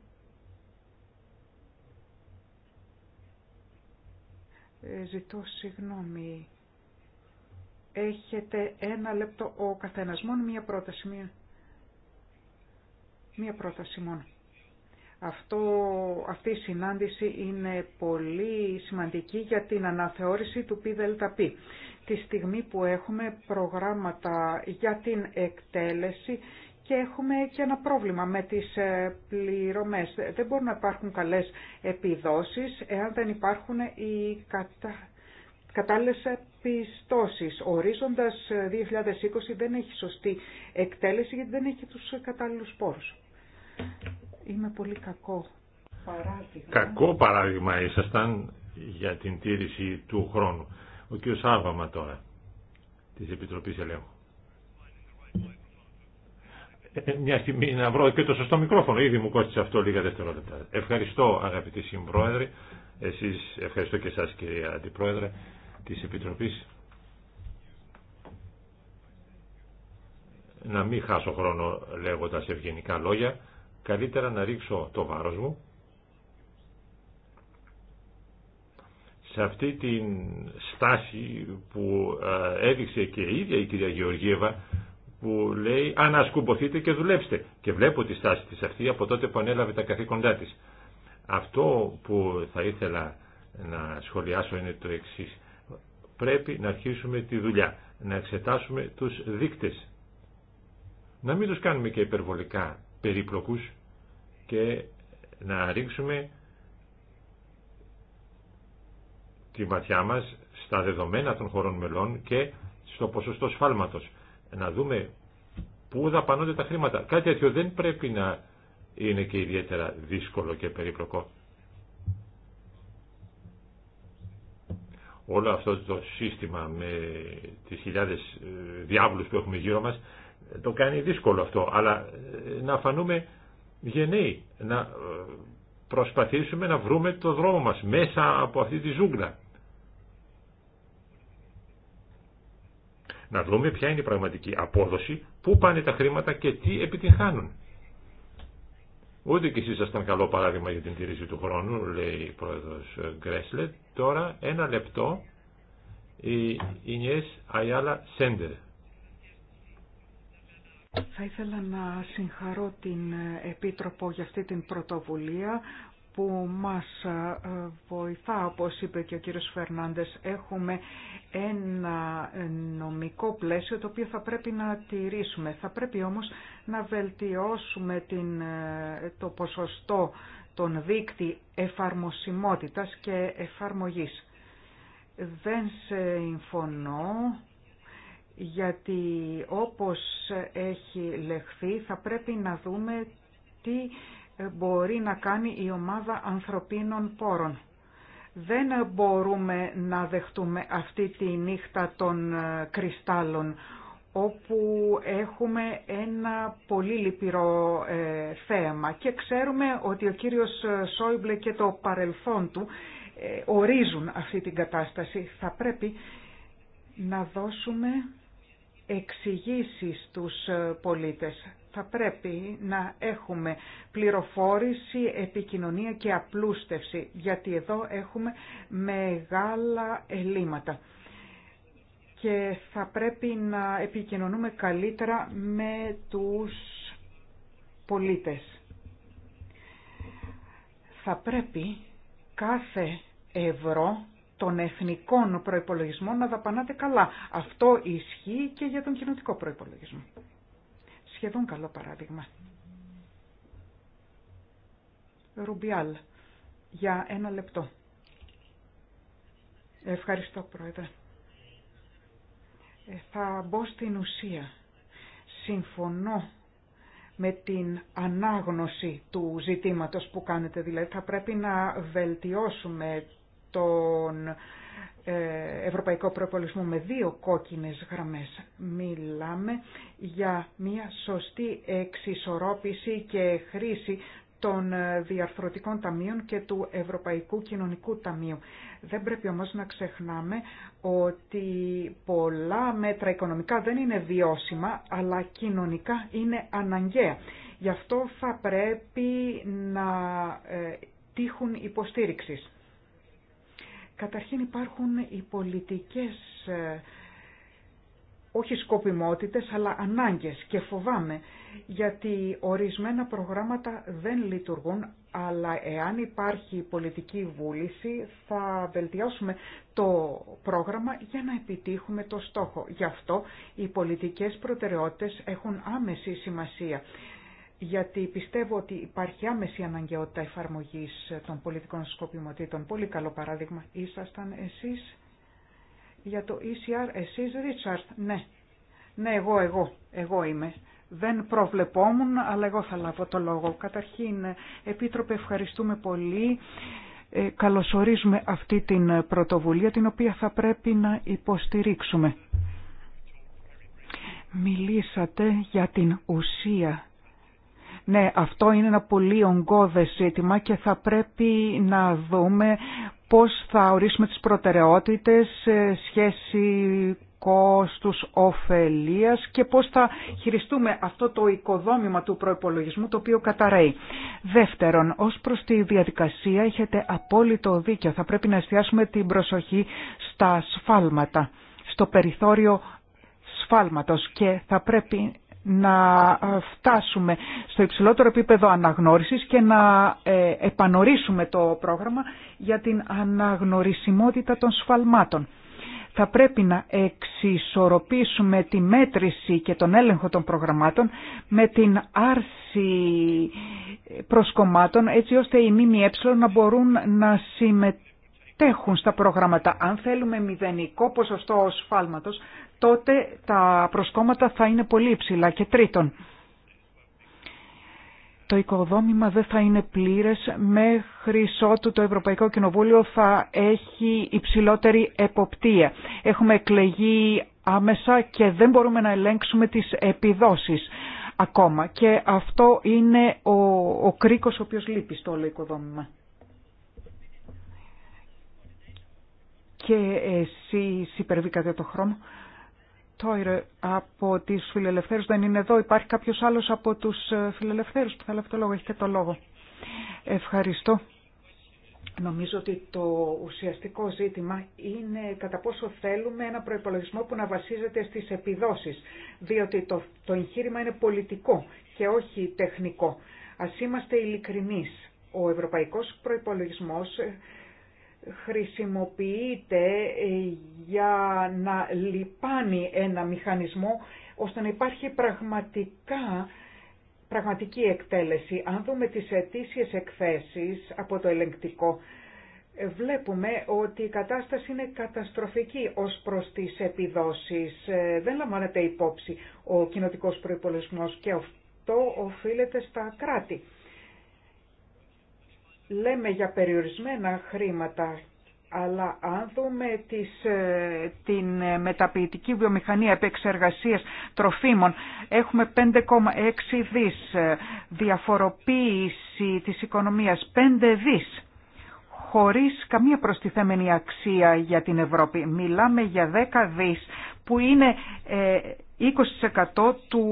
Ε, ζητώ συγγνώμη. Έχετε ένα λεπτό ο καθένας, μόνο μία πρόταση, μία. Μία πρόταση μόνο. Αυτό, αυτή η συνάντηση είναι πολύ σημαντική για την αναθεώρηση του ΠΔΠ. Τη στιγμή που έχουμε προγράμματα για την εκτέλεση και έχουμε και ένα πρόβλημα με τις ε, πληρωμές. Δεν μπορούν να υπάρχουν καλές επιδόσεις εάν δεν υπάρχουν οι κατα... κατάλληλες επιστώσεις. Ορίζοντας 2020 ε, δεν έχει σωστή εκτέλεση γιατί δεν έχει τους κατάλληλους πόρους. Είμαι πολύ κακό παράδειγμα. Κακό παράδειγμα ήσασταν για την τήρηση του χρόνου. Ο κ. Σάβαμα τώρα, της Επιτροπής Ελέγχου. Ε, μια στιγμή να βρω και το σωστό μικρόφωνο. Ήδη μου κόστησε αυτό λίγα δευτερόλεπτα. Ευχαριστώ αγαπητοί συμπρόεδροι. Εσείς ευχαριστώ και εσάς κυρία Αντιπρόεδρε της Επιτροπής. Να μην χάσω χρόνο λέγοντας ευγενικά λόγια καλύτερα να ρίξω το βάρος μου σε αυτή την στάση που ε, έδειξε και η ίδια η κυρία Γεωργίευα που λέει ανασκουμποθείτε και δουλέψτε. Και βλέπω τη στάση της αυτή από τότε που ανέλαβε τα καθήκοντά της. Αυτό που θα ήθελα να σχολιάσω είναι το εξής. Πρέπει να αρχίσουμε τη δουλειά, να εξετάσουμε τους δείκτες. Να μην τους κάνουμε και υπερβολικά περίπλοκους και να ρίξουμε τη ματιά μας στα δεδομένα των χωρών μελών και στο ποσοστό σφάλματος. Να δούμε πού δαπανώνται τα χρήματα. Κάτι τέτοιο δεν πρέπει να είναι και ιδιαίτερα δύσκολο και περίπλοκο. Όλο αυτό το σύστημα με τις χιλιάδες ε, διάβλους που έχουμε γύρω μας το κάνει δύσκολο αυτό, αλλά ε, να φανούμε γενναίοι, να ε, προσπαθήσουμε να βρούμε το δρόμο μας μέσα από αυτή τη ζούγκλα. Να δούμε ποια είναι η πραγματική απόδοση, πού πάνε τα χρήματα και τι επιτυγχάνουν. Ούτε κι εσείς ήσασταν καλό παράδειγμα για την τηρήση του χρόνου, λέει η πρόεδρος Γκρέσλετ. Τώρα ένα λεπτό η Ινιές Αιάλα Σέντερ. Θα ήθελα να συγχαρώ την Επίτροπο για αυτή την πρωτοβουλία που μας ε, βοηθά, όπως είπε και ο κύριος Φερνάντες, έχουμε ένα νομικό πλαίσιο το οποίο θα πρέπει να τηρήσουμε. Θα πρέπει όμως να βελτιώσουμε την, ε, το ποσοστό των δίκτυ εφαρμοσιμότητας και εφαρμογής. Δεν σε συμφωνώ γιατί όπως έχει λεχθεί θα πρέπει να δούμε τι μπορεί να κάνει η ομάδα ανθρωπίνων πόρων. Δεν μπορούμε να δεχτούμε αυτή τη νύχτα των ε, κρυστάλλων όπου έχουμε ένα πολύ λυπηρό ε, και ξέρουμε ότι ο κύριος ε, Σόιμπλε και το παρελθόν του ορίζουν αυτή την κατάσταση. Θα πρέπει να δώσουμε εξηγήσει στους ε, πολίτες. Θα πρέπει να έχουμε πληροφόρηση, επικοινωνία και απλούστευση, γιατί εδώ έχουμε μεγάλα ελλείμματα. Και θα πρέπει να επικοινωνούμε καλύτερα με τους πολίτες. Θα πρέπει κάθε ευρώ των εθνικών προϋπολογισμών να δαπανάτε καλά. Αυτό ισχύει και για τον κοινωτικό προϋπολογισμό. Σχεδόν καλό παράδειγμα. Ρουμπιάλ, για ένα λεπτό. Ευχαριστώ, Πρόεδρε. Ε, θα μπω στην ουσία. Συμφωνώ με την ανάγνωση του ζητήματος που κάνετε. Δηλαδή θα πρέπει να βελτιώσουμε τον ε, ευρωπαϊκό προπολισμό με δύο κόκκινες γραμμές. Μιλάμε για μια σωστή εξισορρόπηση και χρήση των ε, διαρθρωτικών ταμείων και του Ευρωπαϊκού Κοινωνικού Ταμείου. Δεν πρέπει όμως να ξεχνάμε ότι πολλά μέτρα οικονομικά δεν είναι βιώσιμα, αλλά κοινωνικά είναι αναγκαία. Γι' αυτό θα πρέπει να ε, τύχουν υποστήριξης. Καταρχήν υπάρχουν οι πολιτικές ε, όχι σκοπιμότητες αλλά ανάγκες και φοβάμαι γιατί ορισμένα προγράμματα δεν λειτουργούν αλλά εάν υπάρχει πολιτική βούληση θα βελτιώσουμε το πρόγραμμα για να επιτύχουμε το στόχο. Γι' αυτό οι πολιτικές προτεραιότητες έχουν άμεση σημασία γιατί πιστεύω ότι υπάρχει άμεση αναγκαιότητα εφαρμογής των πολιτικών σκοπιμοτήτων. Πολύ καλό παράδειγμα ήσασταν εσείς για το ECR. Εσείς, Ρίτσαρτ, ναι. Ναι, εγώ, εγώ, εγώ είμαι. Δεν προβλεπόμουν, αλλά εγώ θα λάβω το λόγο. Καταρχήν, Επίτροπε, ευχαριστούμε πολύ. Ε, καλωσορίζουμε αυτή την πρωτοβουλία, την οποία θα πρέπει να υποστηρίξουμε. Μιλήσατε για την ουσία ναι, αυτό είναι ένα πολύ ογκώδες ζήτημα και θα πρέπει να δούμε πώς θα ορίσουμε τις προτεραιότητες σε σχέση κόστους ωφελίας και πώς θα χειριστούμε αυτό το οικοδόμημα του προϋπολογισμού το οποίο καταραίει. Δεύτερον, ως προς τη διαδικασία έχετε απόλυτο δίκιο. Θα πρέπει να εστιάσουμε την προσοχή στα σφάλματα, στο περιθώριο σφάλματος και θα πρέπει να ε, φτάσουμε στο υψηλότερο επίπεδο αναγνώρισης και να ε, επανορίσουμε το πρόγραμμα για την αναγνωρισιμότητα των σφαλμάτων. Θα πρέπει να εξισορροπήσουμε τη μέτρηση και τον έλεγχο των προγραμμάτων με την άρση προσκομμάτων έτσι ώστε οι Ε να μπορούν να συμμετέχουν στα προγράμματα. Αν θέλουμε μηδενικό ποσοστό σφάλματος τότε τα προσκόμματα θα είναι πολύ υψηλά. Και τρίτον, το οικοδόμημα δεν θα είναι πλήρες μέχρι ότου το Ευρωπαϊκό Κοινοβούλιο θα έχει υψηλότερη εποπτεία. Έχουμε εκλεγεί άμεσα και δεν μπορούμε να ελέγξουμε τις επιδόσεις ακόμα. Και αυτό είναι ο, ο κρίκος ο οποίος λείπει στο όλο οικοδόμημα. Και εσείς υπερβήκατε το χρόνο. Τόιρε από τις φιλελευθέρους δεν είναι εδώ. Υπάρχει κάποιος άλλος από τους ε, φιλελευθέρους που θα το λόγο. Έχετε το λόγο. Ευχαριστώ. Νομίζω ότι το ουσιαστικό ζήτημα είναι κατά πόσο θέλουμε ένα προϋπολογισμό που να βασίζεται στις επιδόσεις, διότι το, το εγχείρημα είναι πολιτικό και όχι τεχνικό. Ας είμαστε ειλικρινείς. Ο ευρωπαϊκός προϋπολογισμός ε, χρησιμοποιείται ε, για να λιπάνει ένα μηχανισμό ώστε να υπάρχει πραγματικά πραγματική εκτέλεση. Αν δούμε τις αιτήσιες εκθέσεις από το ελεγκτικό, ε, βλέπουμε ότι η κατάσταση είναι καταστροφική ως προς τις επιδόσεις. Ε, δεν λαμβάνεται υπόψη ο κοινοτικός προϋπολογισμός και αυτό οφείλεται στα κράτη λέμε για περιορισμένα χρήματα, αλλά αν δούμε τις, ε, την ε, μεταποιητική βιομηχανία επεξεργασίας τροφίμων, έχουμε 5,6 δις ε, διαφοροποίηση της οικονομίας, 5 δις χωρίς καμία προστιθέμενη αξία για την Ευρώπη. Μιλάμε για 10 δις που είναι 20% του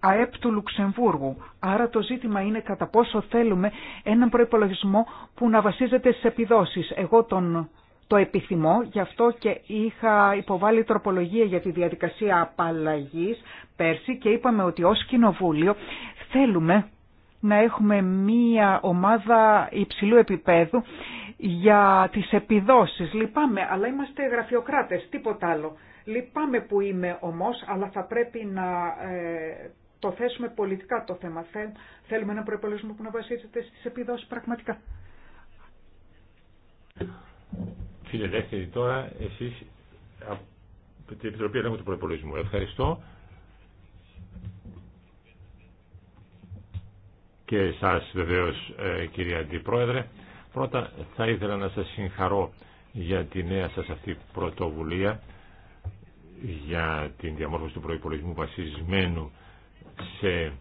ΑΕΠ του Λουξεμβούργου. Άρα το ζήτημα είναι κατά πόσο θέλουμε έναν προϋπολογισμό που να βασίζεται στις επιδόσεις. Εγώ τον το επιθυμώ, γι' αυτό και είχα υποβάλει τροπολογία για τη διαδικασία απαλλαγής πέρσι και είπαμε ότι ως Κοινοβούλιο θέλουμε να έχουμε μία ομάδα υψηλού επίπεδου για τις επιδόσεις. Λυπάμαι, αλλά είμαστε γραφειοκράτες, τίποτα άλλο. Λυπάμαι που είμαι όμως, αλλά θα πρέπει να ε, το θέσουμε πολιτικά το θέμα. Θέλουμε ένα προϋπολογισμό που να βασίζεται στις επιδόσεις πραγματικά. Φιλελεύθεροι τώρα, εσείς από την Επιτροπή Ελέγχου του Προϋπολογισμού. Ευχαριστώ. Και εσάς βεβαίως ε, κυρία Αντιπρόεδρε. Πρώτα θα ήθελα να σας συγχαρώ για τη νέα σας αυτή πρωτοβουλία για την διαμόρφωση του προϋπολογισμού βασισμένου σε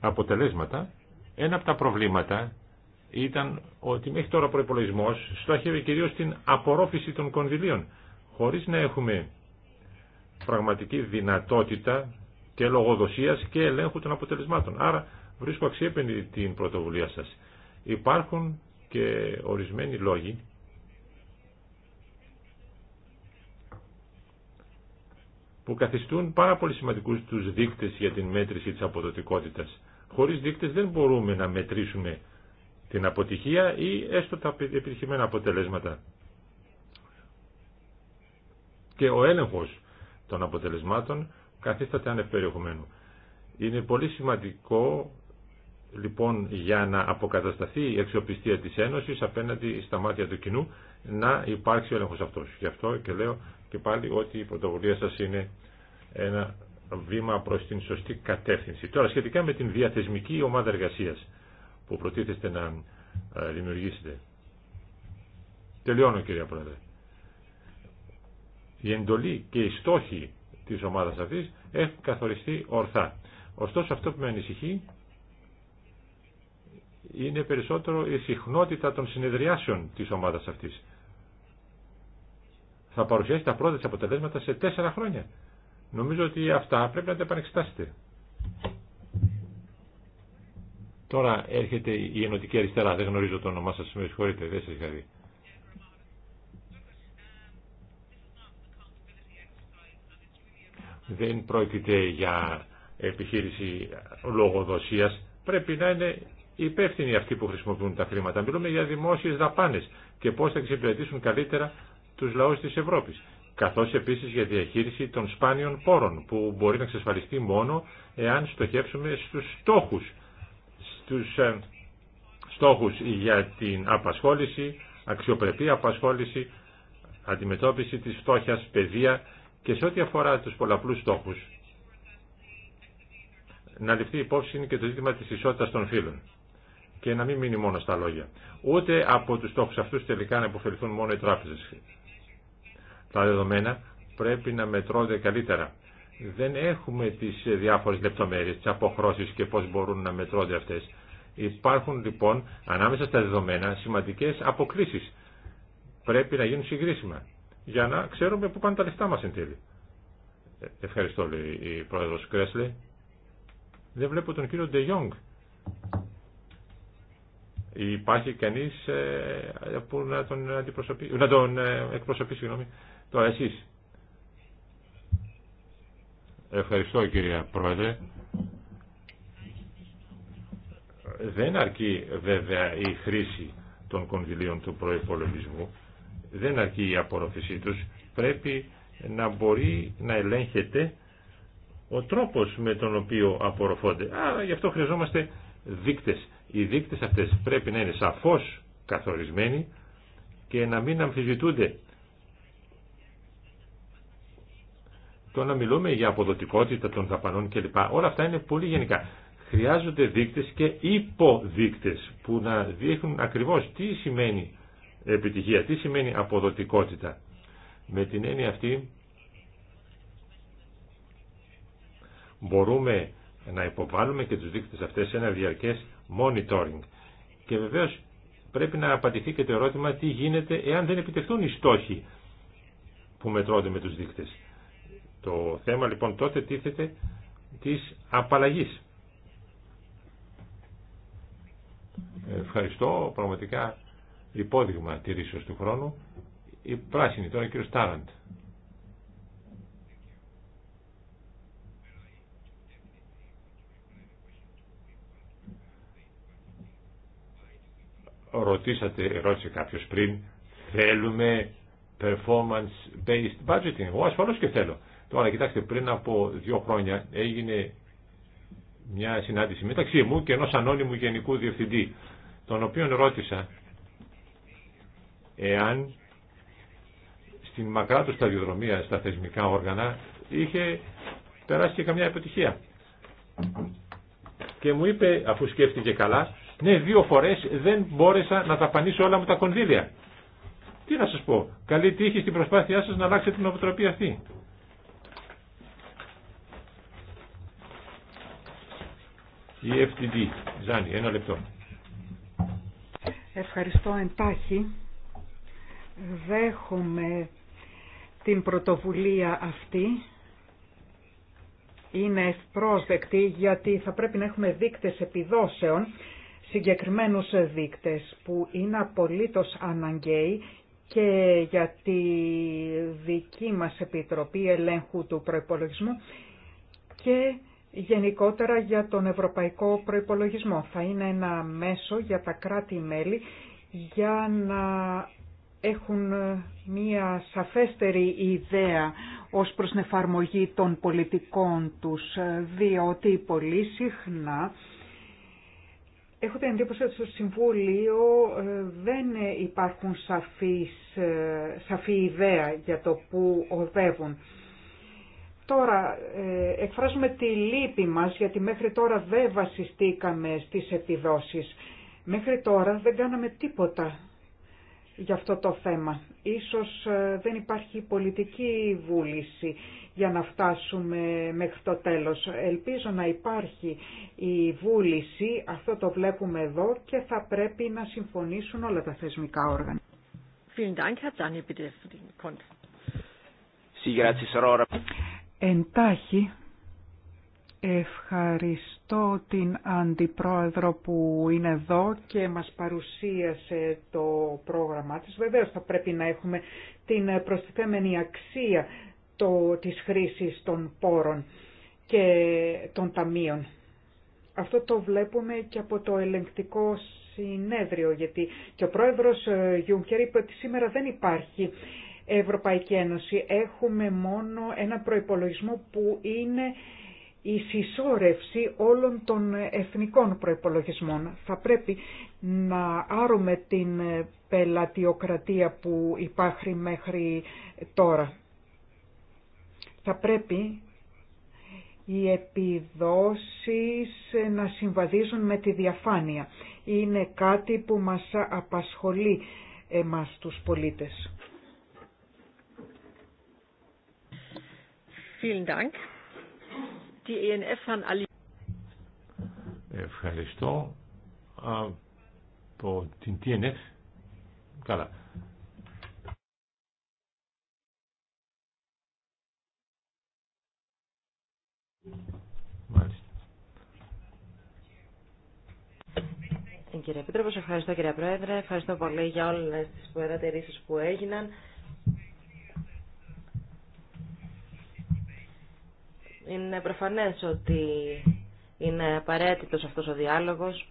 αποτελέσματα, ένα από τα προβλήματα ήταν ότι μέχρι τώρα ο προϋπολογισμός στόχευε κυρίως την απορρόφηση των κονδυλίων, χωρίς να έχουμε πραγματική δυνατότητα και λογοδοσίας και ελέγχου των αποτελεσμάτων. Άρα βρίσκω αξιέπαινη την πρωτοβουλία σας. Υπάρχουν και ορισμένοι λόγοι που καθιστούν πάρα πολύ σημαντικούς τους δείκτες για την μέτρηση της αποδοτικότητας. Χωρίς δείκτες δεν μπορούμε να μετρήσουμε την αποτυχία ή έστω τα επιτυχημένα αποτελέσματα. Και ο έλεγχος των αποτελεσμάτων καθίσταται ανεπεριεχομένου. Είναι πολύ σημαντικό λοιπόν για να αποκατασταθεί η αξιοπιστία της Ένωσης απέναντι στα μάτια του κοινού να υπάρξει ο έλεγχος αυτός. Γι' αυτό και λέω και πάλι ότι η πρωτοβουλία σας είναι ένα βήμα προς την σωστή κατεύθυνση. Τώρα σχετικά με την διαθεσμική ομάδα εργασίας που προτίθεστε να ε, δημιουργήσετε. Τελειώνω κυρία Πρόεδρε. Η εντολή και οι στόχοι της ομάδας αυτής έχουν καθοριστεί ορθά. Ωστόσο αυτό που με ανησυχεί είναι περισσότερο η συχνότητα των συνεδριάσεων της ομάδας αυτής θα παρουσιάσει τα πρώτα της αποτελέσματα σε τέσσερα χρόνια. Νομίζω ότι αυτά πρέπει να τα επανεξετάσετε. Τώρα έρχεται η Ενωτική Αριστερά. Δεν γνωρίζω το όνομά σας, με συγχωρείτε, δεν σας είχα δει. Δεν πρόκειται για επιχείρηση λογοδοσίας. Πρέπει να είναι υπεύθυνοι αυτοί που χρησιμοποιούν τα χρήματα. Μιλούμε για δημόσιες δαπάνες και πώς θα εξυπηρετήσουν καλύτερα τους λαούς της Ευρώπης, καθώς επίσης για διαχείριση των σπάνιων πόρων, που μπορεί να εξασφαλιστεί μόνο εάν στοχεύσουμε στους στόχους, στους ε, στόχους για την απασχόληση, αξιοπρεπή απασχόληση, αντιμετώπιση της φτώχειας, παιδεία και σε ό,τι αφορά τους πολλαπλούς στόχους. Να ληφθεί υπόψη είναι και το ζήτημα της ισότητας των φίλων και να μην μείνει μόνο στα λόγια. Ούτε από τους στόχους αυτούς τελικά να υποφεληθούν μόνο οι τράπεζες τα δεδομένα πρέπει να μετρώνται καλύτερα. Δεν έχουμε τις διάφορες λεπτομέρειες, τις αποχρώσεις και πώς μπορούν να μετρώνται αυτές. Υπάρχουν λοιπόν ανάμεσα στα δεδομένα σημαντικές αποκλήσεις. Πρέπει να γίνουν συγκρίσιμα για να ξέρουμε πού πάνε τα λεφτά μας εν τέλει. Ε, ευχαριστώ λέει η πρόεδρος Κρέσλε. Δεν βλέπω τον κύριο Ντε Ιόγκ. Υπάρχει κανείς ε, που να τον, αντιπροσωπεί, να τον ε, συγγνώμη. Τώρα εσείς. Ευχαριστώ κύριε Πρόεδρε. Δεν αρκεί βέβαια η χρήση των κονδυλίων του προϋπολογισμού, δεν αρκεί η απορροφησή τους, πρέπει να μπορεί να ελέγχεται ο τρόπος με τον οποίο απορροφώνται. Άρα γι' αυτό χρειαζόμαστε δείκτες. Οι δείκτες αυτές πρέπει να είναι σαφώς καθορισμένοι και να μην αμφισβητούνται το να μιλούμε για αποδοτικότητα των δαπανών κλπ. Όλα αυτά είναι πολύ γενικά. Χρειάζονται δείκτες και υποδείκτες που να δείχνουν ακριβώς τι σημαίνει επιτυχία, τι σημαίνει αποδοτικότητα. Με την έννοια αυτή μπορούμε να υποβάλουμε και τους δείκτες αυτές σε ένα διαρκές monitoring. Και βεβαίως πρέπει να απαντηθεί και το ερώτημα τι γίνεται εάν δεν επιτευχθούν οι στόχοι που μετρώνται με τους δείκτες. Το θέμα λοιπόν τότε τίθεται της απαλλαγής. Ευχαριστώ πραγματικά υπόδειγμα τη ρίσος του χρόνου. Η πράσινη τώρα κύριο Στάραντ. Ρωτήσατε, ρώτησε κάποιος πριν, θέλουμε performance based budgeting. Εγώ ασφαλώς και θέλω. Τώρα, κοιτάξτε, πριν από δύο χρόνια έγινε μια συνάντηση μεταξύ μου και ενός ανώνυμου γενικού διευθυντή, τον οποίον ρώτησα εάν στην μακρά του σταδιοδρομία στα θεσμικά όργανα είχε περάσει και καμιά επιτυχία. Και μου είπε, αφού σκέφτηκε καλά, ναι, δύο φορές δεν μπόρεσα να ταπανίσω όλα μου τα κονδύλια. Τι να σας πω, καλή τύχη στην προσπάθειά σας να αλλάξετε την αποτροπή αυτή. Η FTD. Ζάνη, ένα λεπτό. Ευχαριστώ εντάχει. Δέχομαι την πρωτοβουλία αυτή. Είναι ευπρόσδεκτη γιατί θα πρέπει να έχουμε δείκτες επιδόσεων, συγκεκριμένους δείκτες που είναι απολύτως αναγκαίοι και για τη δική μας Επιτροπή Ελέγχου του Προϋπολογισμού και γενικότερα για τον ευρωπαϊκό προϋπολογισμό. Θα είναι ένα μέσο για τα κράτη-μέλη για να έχουν μία σαφέστερη ιδέα ως προς την εφαρμογή των πολιτικών τους, διότι πολύ συχνά έχω την εντύπωση ότι στο Συμβούλιο ε, δεν υπάρχουν ε, σαφή ιδέα για το που οδεύουν. Τώρα ε, εκφράζουμε τη λύπη μας γιατί μέχρι τώρα δεν βασιστήκαμε στις επιδόσεις. Μέχρι τώρα δεν κάναμε τίποτα για αυτό το θέμα. Ίσως ε, δεν υπάρχει πολιτική βούληση για να φτάσουμε μέχρι το τέλος. Ελπίζω να υπάρχει η βούληση, αυτό το βλέπουμε εδώ και θα πρέπει να συμφωνήσουν όλα τα θεσμικά όργανα. Εντάχει, ευχαριστώ την Αντιπρόεδρο που είναι εδώ και μας παρουσίασε το πρόγραμμά της. Βεβαίως θα πρέπει να έχουμε την προστιθέμενη αξία το, της χρήσης των πόρων και των ταμείων. Αυτό το βλέπουμε και από το ελεγκτικό συνέδριο, γιατί και ο πρόεδρος ε, Γιούγκερ είπε ότι σήμερα δεν υπάρχει Ευρωπαϊκή Ένωση. Έχουμε μόνο ένα προϋπολογισμό που είναι η συσσόρευση όλων των εθνικών προϋπολογισμών. Θα πρέπει να άρουμε την πελατιοκρατία που υπάρχει μέχρι τώρα. Θα πρέπει οι επιδόσεις να συμβαδίζουν με τη διαφάνεια. Είναι κάτι που μας απασχολεί εμάς τους πολίτες. Vielen Dank. Die ENF von Ali. Ευχαριστώ. Από την TNF. Καλά. Κύριε Επίτροπος, ευχαριστώ κύριε Πρόεδρε. Ευχαριστώ πολύ για όλες τις παρατηρήσεις που έγιναν. Είναι προφανές ότι είναι απαραίτητος αυτός ο διάλογος.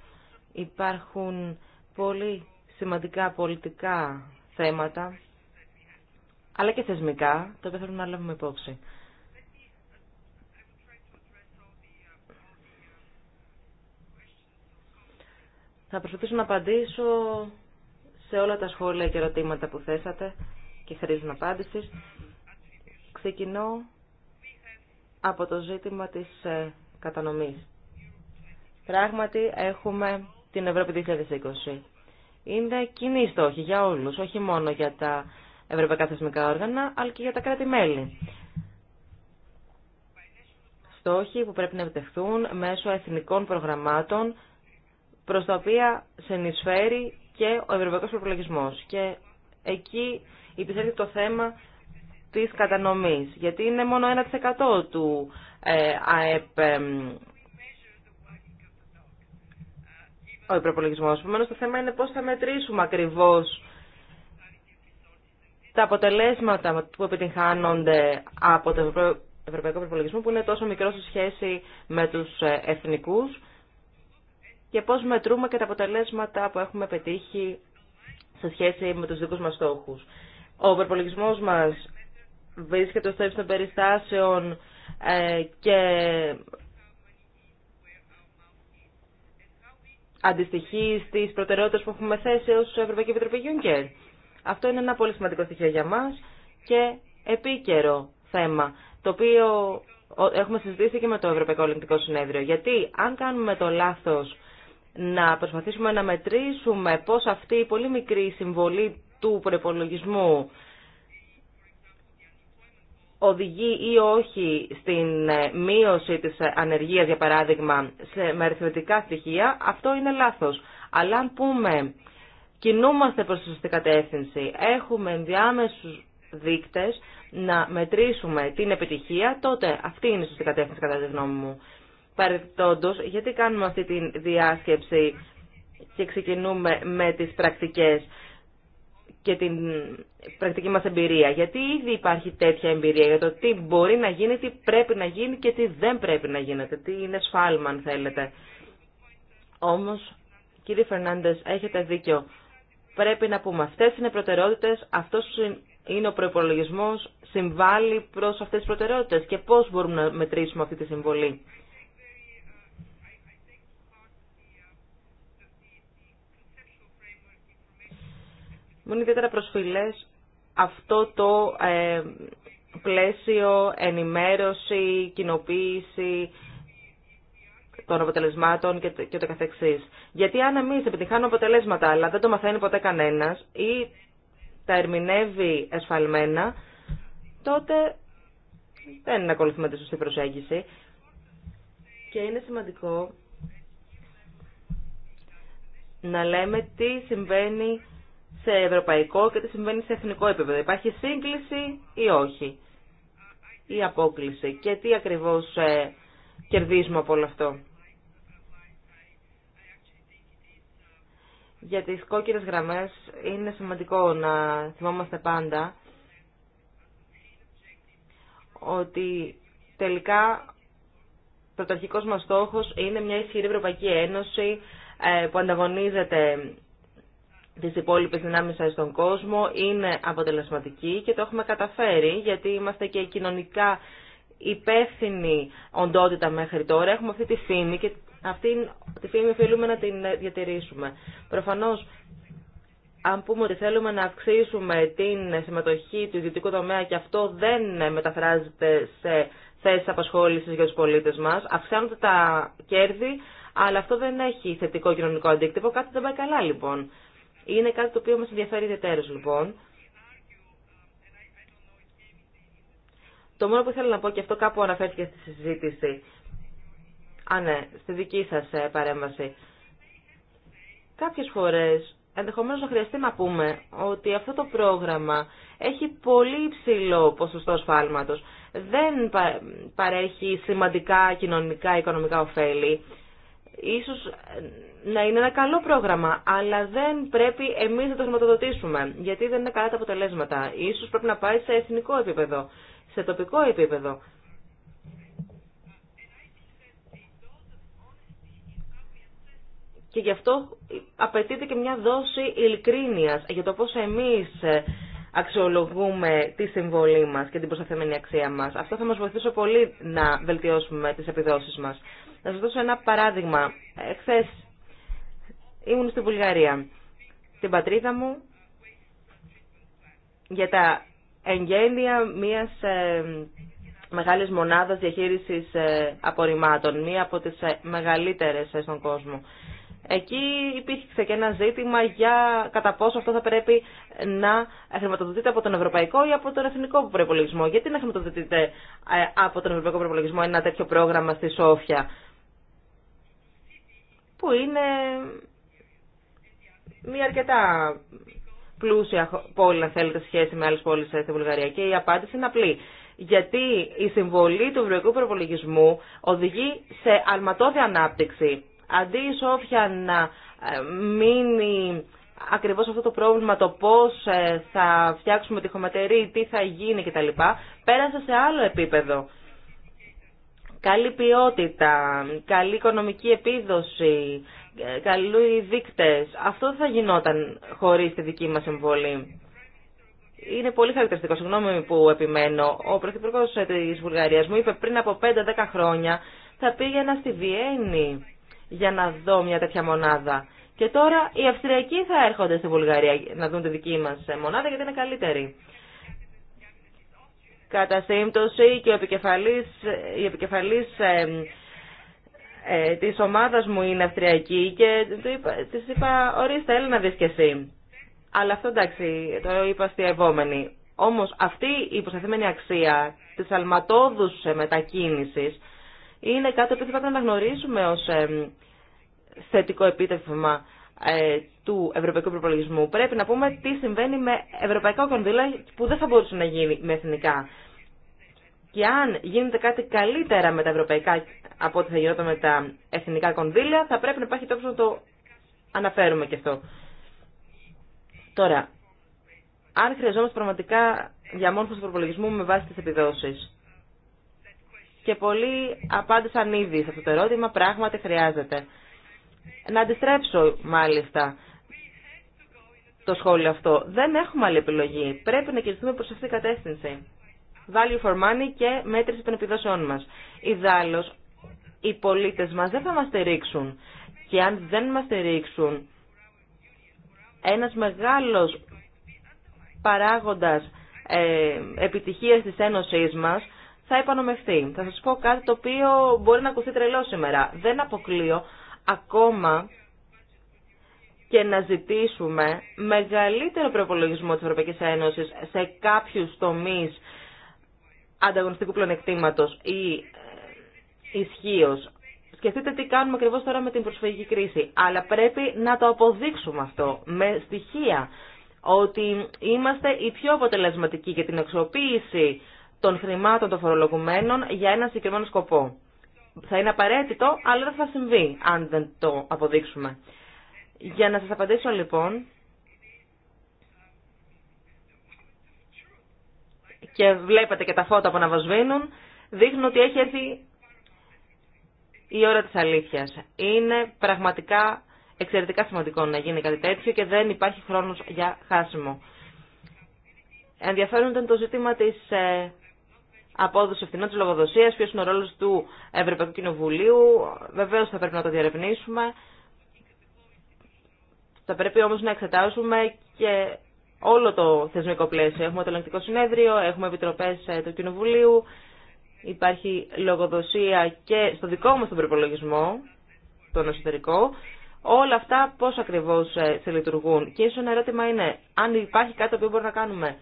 Υπάρχουν πολύ σημαντικά πολιτικά θέματα, αλλά και θεσμικά, το οποία θέλουμε να λάβουμε υπόψη. Θα προσπαθήσω να απαντήσω σε όλα τα σχόλια και ερωτήματα που θέσατε και χρήζουν απάντηση. Ξεκινώ από το ζήτημα της ε, κατανομής. Πράγματι έχουμε την Ευρώπη 2020. Είναι κοινή στόχη για όλους, όχι μόνο για τα ευρωπαϊκά θεσμικά όργανα, αλλά και για τα κράτη-μέλη. Στόχοι που πρέπει να επιτευχθούν μέσω εθνικών προγραμμάτων, προς τα οποία συνεισφέρει και ο ευρωπαϊκός προπολογισμός. Και εκεί υπηρετεί το θέμα της κατανομής, γιατί είναι μόνο 1% του ε, ΑΕΠ ο υπερπολογισμός, Επομένω, το θέμα είναι πώ θα μετρήσουμε ακριβώ τα αποτελέσματα που επιτυγχάνονται από το ευρωπαϊκό προπολογισμό που είναι τόσο μικρό σε σχέση με του ε, εθνικού και πώ μετρούμε και τα αποτελέσματα που έχουμε πετύχει σε σχέση με του δικού μα στόχου. Ο προπολογισμό μα βρίσκεται στο ύψος των περιστάσεων ε, και αντιστοιχεί στις προτεραιότητες που έχουμε θέσει ως Ευρωπαϊκή Επιτροπή Γιούνκερ. Αυτό είναι ένα πολύ σημαντικό στοιχείο για μας και επίκαιρο θέμα, το οποίο έχουμε συζητήσει και με το Ευρωπαϊκό Ολυμπικό Συνέδριο. Γιατί αν κάνουμε το λάθος να προσπαθήσουμε να μετρήσουμε πώς αυτή η πολύ μικρή συμβολή του προπολογισμού οδηγεί ή όχι στην ε, μείωση της ε, ανεργίας, για παράδειγμα, σε, με αριθμητικά στοιχεία, αυτό είναι λάθος. Αλλά αν πούμε, κινούμαστε προς τη σωστή κατεύθυνση, έχουμε διάμεσους δείκτες να μετρήσουμε την επιτυχία, τότε αυτή είναι η σωστή κατεύθυνση κατά τη γνώμη μου. Παρεπτόντως, γιατί κάνουμε αυτή τη διάσκεψη και ξεκινούμε με τις πρακτικές και την πρακτική μας εμπειρία. Γιατί ήδη υπάρχει τέτοια εμπειρία για το τι μπορεί να γίνει, τι πρέπει να γίνει και τι δεν πρέπει να γίνεται. Τι είναι σφάλμα αν θέλετε. Όμως, κύριε Φερνάντες, έχετε δίκιο. Πρέπει να πούμε αυτές είναι προτεραιότητες, αυτός είναι ο προπολογισμό συμβάλλει προς αυτές τις προτεραιότητες και πώς μπορούμε να μετρήσουμε αυτή τη συμβολή. Μου είναι ιδιαίτερα προσφυλές αυτό το ε, πλαίσιο ενημέρωση, κοινοποίηση των αποτελεσμάτων και, και το καθεξής. Γιατί αν εμείς επιτυχάνουμε αποτελέσματα αλλά δεν το μαθαίνει ποτέ κανένας ή τα ερμηνεύει εσφαλμένα, τότε δεν ακολουθούμε τη σωστή προσέγγιση. Και είναι σημαντικό να λέμε τι συμβαίνει σε ευρωπαϊκό και τι συμβαίνει σε εθνικό επίπεδο. Υπάρχει σύγκληση ή όχι. Ή απόκληση. Και τι ακριβώς ε, κερδίζουμε από όλο αυτό. Για τις κόκκινες γραμμές είναι σημαντικό να θυμόμαστε πάντα ότι τελικά πρωταρχικός μας στόχος είναι μια ισχυρή Ευρωπαϊκή Ένωση ε, που ανταγωνίζεται τις υπόλοιπες δυνάμεις στον κόσμο είναι αποτελεσματική και το έχουμε καταφέρει γιατί είμαστε και κοινωνικά υπεύθυνη οντότητα μέχρι τώρα. Έχουμε αυτή τη φήμη και αυτή τη φήμη οφείλουμε να την διατηρήσουμε. Προφανώς, αν πούμε ότι θέλουμε να αυξήσουμε την συμμετοχή του ιδιωτικού τομέα και αυτό δεν μεταφράζεται σε θέσεις απασχόλησης για τους πολίτες μας, αυξάνονται τα κέρδη, αλλά αυτό δεν έχει θετικό κοινωνικό αντίκτυπο. Κάτι δεν πάει καλά λοιπόν. Είναι κάτι το οποίο μας ενδιαφέρει ιδιαίτερως λοιπόν. Το μόνο που ήθελα να πω και αυτό κάπου αναφέρθηκε στη συζήτηση. Α, ναι, στη δική σας ε, παρέμβαση. Κάποιες φορές ενδεχομένως να χρειαστεί να πούμε ότι αυτό το πρόγραμμα έχει πολύ υψηλό ποσοστό σφάλματος. Δεν παρέχει σημαντικά κοινωνικά, οικονομικά ωφέλη. Ίσως ε, να είναι ένα καλό πρόγραμμα, αλλά δεν πρέπει εμείς να το χρηματοδοτήσουμε, γιατί δεν είναι καλά τα αποτελέσματα. Ίσως πρέπει να πάει σε εθνικό επίπεδο, σε τοπικό επίπεδο. Και γι' αυτό απαιτείται και μια δόση ειλικρίνειας για το πώς εμείς ε, αξιολογούμε τη συμβολή μας και την προσταθεμένη αξία μας. Αυτό θα μας βοηθήσει πολύ να βελτιώσουμε τις επιδόσεις μας. Να σας δώσω ένα παράδειγμα. Χθες ήμουν στη Βουλγαρία, την πατρίδα μου, για τα εγγένεια μιας ε, μεγάλης μονάδας διαχείρισης ε, απορριμμάτων, μία από τις ε, μεγαλύτερες στον κόσμο. Εκεί υπήρχε και ένα ζήτημα για κατά πόσο αυτό θα πρέπει να χρηματοδοτείται από τον ευρωπαϊκό ή από τον εθνικό προπολογισμό. Γιατί να χρηματοδοτείται από τον ευρωπαϊκό προπολογισμό ένα τέτοιο πρόγραμμα στη Σόφια, που είναι μια αρκετά πλούσια πόλη, να θέλετε, σχέση με άλλες πόλεις στη Βουλγαρία. Και η απάντηση είναι απλή. Γιατί η συμβολή του ευρωπαϊκού προπολογισμού οδηγεί σε αλματώδη ανάπτυξη. Αντί η να ε, μείνει ακριβώς αυτό το πρόβλημα, το πώς ε, θα φτιάξουμε τη χωματερή, τι θα γίνει κτλ, πέρασε σε άλλο επίπεδο. Καλή ποιότητα, καλή οικονομική επίδοση, οι δείκτες. Αυτό δεν θα γινόταν χωρίς τη δική μας εμβολή. Είναι πολύ χαρακτηριστικό, συγγνώμη που επιμένω. Ο Πρωθυπουργό τη Βουλγαρίας μου είπε πριν από 5-10 χρόνια θα πήγαινα στη Βιέννη για να δω μια τέτοια μονάδα. Και τώρα οι Αυστριακοί θα έρχονται στη Βουλγαρία να δουν τη δική μα μονάδα γιατί είναι καλύτερη. Κατά σύμπτωση και ο επικεφαλής, η επικεφαλής ε, της μου είναι Αυστριακή και του είπα, της είπα ορίστε να δεις εσύ. Αλλά αυτό εντάξει το είπα στη ευόμενη. Όμως αυτή η προσταθήμενη αξία της αλματόδους ε, μετακίνησης είναι κάτι που πρέπει να γνωρίσουμε ως ε, θετικό επίτευγμα ε, του ευρωπαϊκού προπολογισμού. Πρέπει να πούμε τι συμβαίνει με ευρωπαϊκά κονδύλα που δεν θα μπορούσε να γίνει με εθνικά και αν γίνεται κάτι καλύτερα με τα ευρωπαϊκά από ό,τι θα γινόταν με τα εθνικά κονδύλια, θα πρέπει να υπάρχει τόπο να το αναφέρουμε και αυτό. Τώρα, αν χρειαζόμαστε πραγματικά διαμόρφωση του προπολογισμού με βάση τι επιδόσει. Και πολλοί απάντησαν ήδη σε αυτό το ερώτημα, πράγματι χρειάζεται. Να αντιστρέψω μάλιστα το σχόλιο αυτό. Δεν έχουμε άλλη επιλογή. Πρέπει να κινηθούμε προς αυτή την κατεύθυνση value for money και μέτρηση των επιδόσεών μας. Ιδάλλως, οι πολίτες μας δεν θα μας στηρίξουν και αν δεν μας στηρίξουν ένας μεγάλος παράγοντας ε, επιτυχίας της Ένωσής μας θα επανομευθεί. Θα σας πω κάτι το οποίο μπορεί να ακουστεί τρελό σήμερα. Δεν αποκλείω ακόμα και να ζητήσουμε μεγαλύτερο προπολογισμό της Ευρωπαϊκής Ένωσης σε κάποιους τομείς ανταγωνιστικού πλονεκτήματο ή ε, ισχύω. Σκεφτείτε τι κάνουμε ακριβώ τώρα με την προσφυγική κρίση. Αλλά πρέπει να το αποδείξουμε αυτό με στοιχεία ότι είμαστε οι πιο αποτελεσματικοί για την αξιοποίηση των χρημάτων των φορολογουμένων για ένα συγκεκριμένο σκοπό. Θα είναι απαραίτητο, αλλά δεν θα συμβεί αν δεν το αποδείξουμε. Για να σας απαντήσω λοιπόν, και βλέπετε και τα φώτα που αναβοσβήνουν, δείχνουν ότι έχει έρθει η ώρα της αλήθειας. Είναι πραγματικά εξαιρετικά σημαντικό να γίνει κάτι τέτοιο και δεν υπάρχει χρόνος για χάσιμο. Ενδιαφέρον ήταν το ζήτημα της ε, απόδοση ευθυνών τη λογοδοσία, ποιο είναι ο ρόλο του Ευρωπαϊκού Κοινοβουλίου. Βεβαίω θα πρέπει να το διαρευνήσουμε. Θα πρέπει όμως να εξετάσουμε και όλο το θεσμικό πλαίσιο. Έχουμε το Ελεγκτικό Συνέδριο, έχουμε επιτροπέ ε, του Κοινοβουλίου, υπάρχει λογοδοσία και στο δικό μα τον προπολογισμό, τον εσωτερικό. Όλα αυτά πώ ακριβώ ε, σε λειτουργούν. Και ίσω ένα ερώτημα είναι αν υπάρχει κάτι που μπορούμε να κάνουμε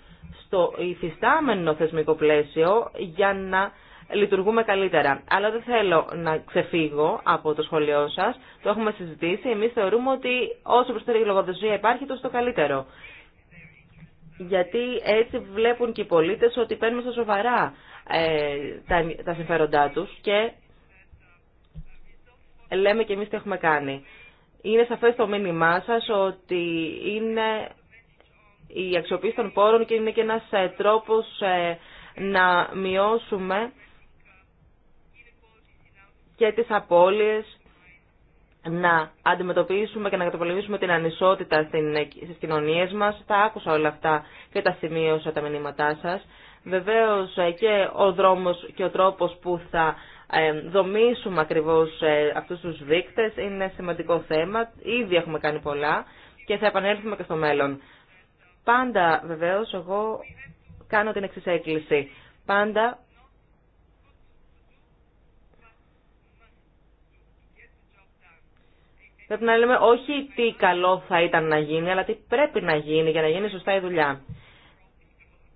στο υφιστάμενο θεσμικό πλαίσιο για να λειτουργούμε καλύτερα. Αλλά δεν θέλω να ξεφύγω από το σχολείο σας. Το έχουμε συζητήσει. Εμείς θεωρούμε ότι όσο περισσότερη λογοδοσία υπάρχει, τόσο το καλύτερο γιατί έτσι βλέπουν και οι πολίτες ότι παίρνουμε στα σοβαρά ε, τα συμφέροντά τους και λέμε και εμείς τι έχουμε κάνει. Είναι σαφές το μήνυμά σας ότι είναι η αξιοποίηση των πόρων και είναι και ένας ε, τρόπος ε, να μειώσουμε και τις απώλειες να αντιμετωπίσουμε και να καταπολεμήσουμε την ανισότητα στις κοινωνίες μα, Τα άκουσα όλα αυτά και τα σημείωσα τα μηνύματά σα. Βεβαίω ε, και ο δρόμος και ο τρόπο που θα ε, δομήσουμε ακριβώ ε, αυτού του δείκτε είναι σημαντικό θέμα. Ήδη έχουμε κάνει πολλά και θα επανέλθουμε και στο μέλλον. Πάντα βεβαίω εγώ κάνω την εξή έκκληση. Πάντα Πρέπει να λέμε όχι τι καλό θα ήταν να γίνει, αλλά τι πρέπει να γίνει για να γίνει σωστά η δουλειά.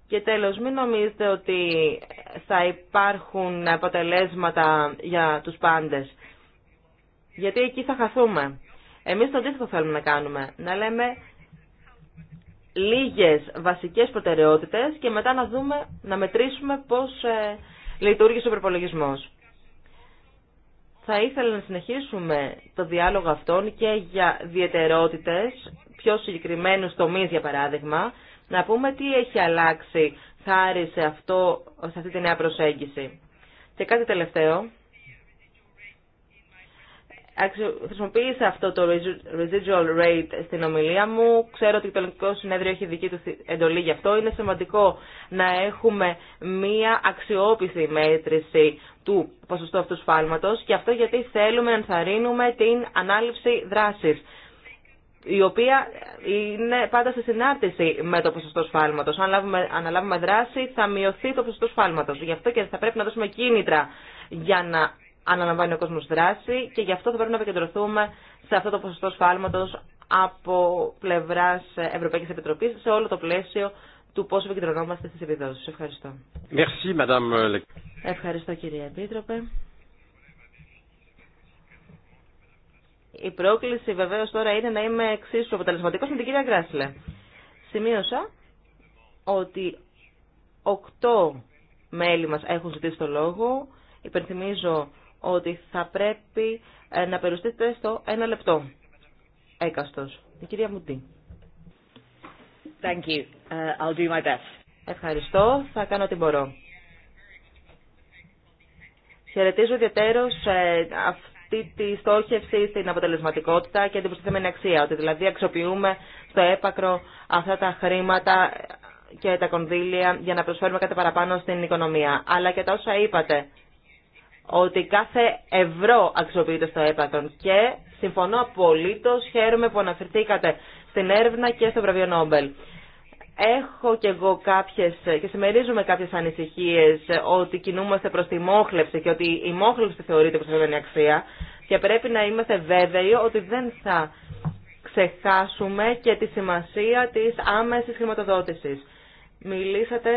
Και τέλος, μην νομίζετε ότι θα υπάρχουν αποτελέσματα για τους πάντες. Γιατί εκεί θα χαθούμε. Εμείς το αντίθετο θέλουμε να κάνουμε. Να λέμε λίγες βασικές προτεραιότητες και μετά να δούμε, να μετρήσουμε πώς ε, λειτουργήσε ο προπολογισμός θα ήθελα να συνεχίσουμε το διάλογο αυτόν και για διαιτερότητες, πιο συγκεκριμένους τομείς για παράδειγμα, να πούμε τι έχει αλλάξει χάρη αυτό, σε αυτή τη νέα προσέγγιση. Και κάτι τελευταίο, χρησιμοποίησα αυτό το residual rate στην ομιλία μου. Ξέρω ότι το Ελληνικό Συνέδριο έχει δική του εντολή γι' αυτό. Είναι σημαντικό να έχουμε μία αξιόπιστη μέτρηση του ποσοστού αυτού σφάλματο και αυτό γιατί θέλουμε να ενθαρρύνουμε την ανάληψη δράση, η οποία είναι πάντα σε συνάρτηση με το ποσοστό σφάλματος. Αν λάβουμε, αναλάβουμε δράση θα μειωθεί το ποσοστό σφάλματος. Γι' αυτό και θα πρέπει να δώσουμε κίνητρα για να αναλαμβάνει ο κόσμος δράση και γι' αυτό θα πρέπει να επικεντρωθούμε σε αυτό το ποσοστό σφάλματος από πλευράς Ευρωπαϊκής Επιτροπής σε όλο το πλαίσιο του πώς επικεντρωνόμαστε στις επιδόσεις. Ευχαριστώ. Ευχαριστώ κυρία Επίτροπε. Η πρόκληση βεβαίω τώρα είναι να είμαι εξίσου αποτελεσματικό με την κυρία Γκράσλε. Σημείωσα ότι οκτώ μέλη μα έχουν ζητήσει το λόγο. Υπενθυμίζω ότι θα πρέπει ε, να περιουστείτε στο ένα λεπτό. Έκαστος. Η κυρία Μουτή. Thank you. Uh, I'll do my best. Ευχαριστώ. Θα κάνω ό,τι μπορώ. Χαιρετίζω ιδιαίτερως ε, αυτή τη στόχευση στην αποτελεσματικότητα και την προστιθέμενη αξία. Ότι δηλαδή αξιοποιούμε στο έπακρο αυτά τα χρήματα και τα κονδύλια για να προσφέρουμε κάτι παραπάνω στην οικονομία. Αλλά και τα όσα είπατε ότι κάθε ευρώ αξιοποιείται στο έπατον και συμφωνώ απολύτως, χαίρομαι που αναφερθήκατε στην έρευνα και στο βραβείο Νόμπελ. Έχω και εγώ κάποιες και συμμερίζουμε κάποιες ανησυχίες ότι κινούμαστε προ τη μόχλευση και ότι η μόχλευση θεωρείται προσωπική αξία και πρέπει να είμαστε βέβαιοι ότι δεν θα ξεχάσουμε και τη σημασία της άμεσης χρηματοδότησης. Μιλήσατε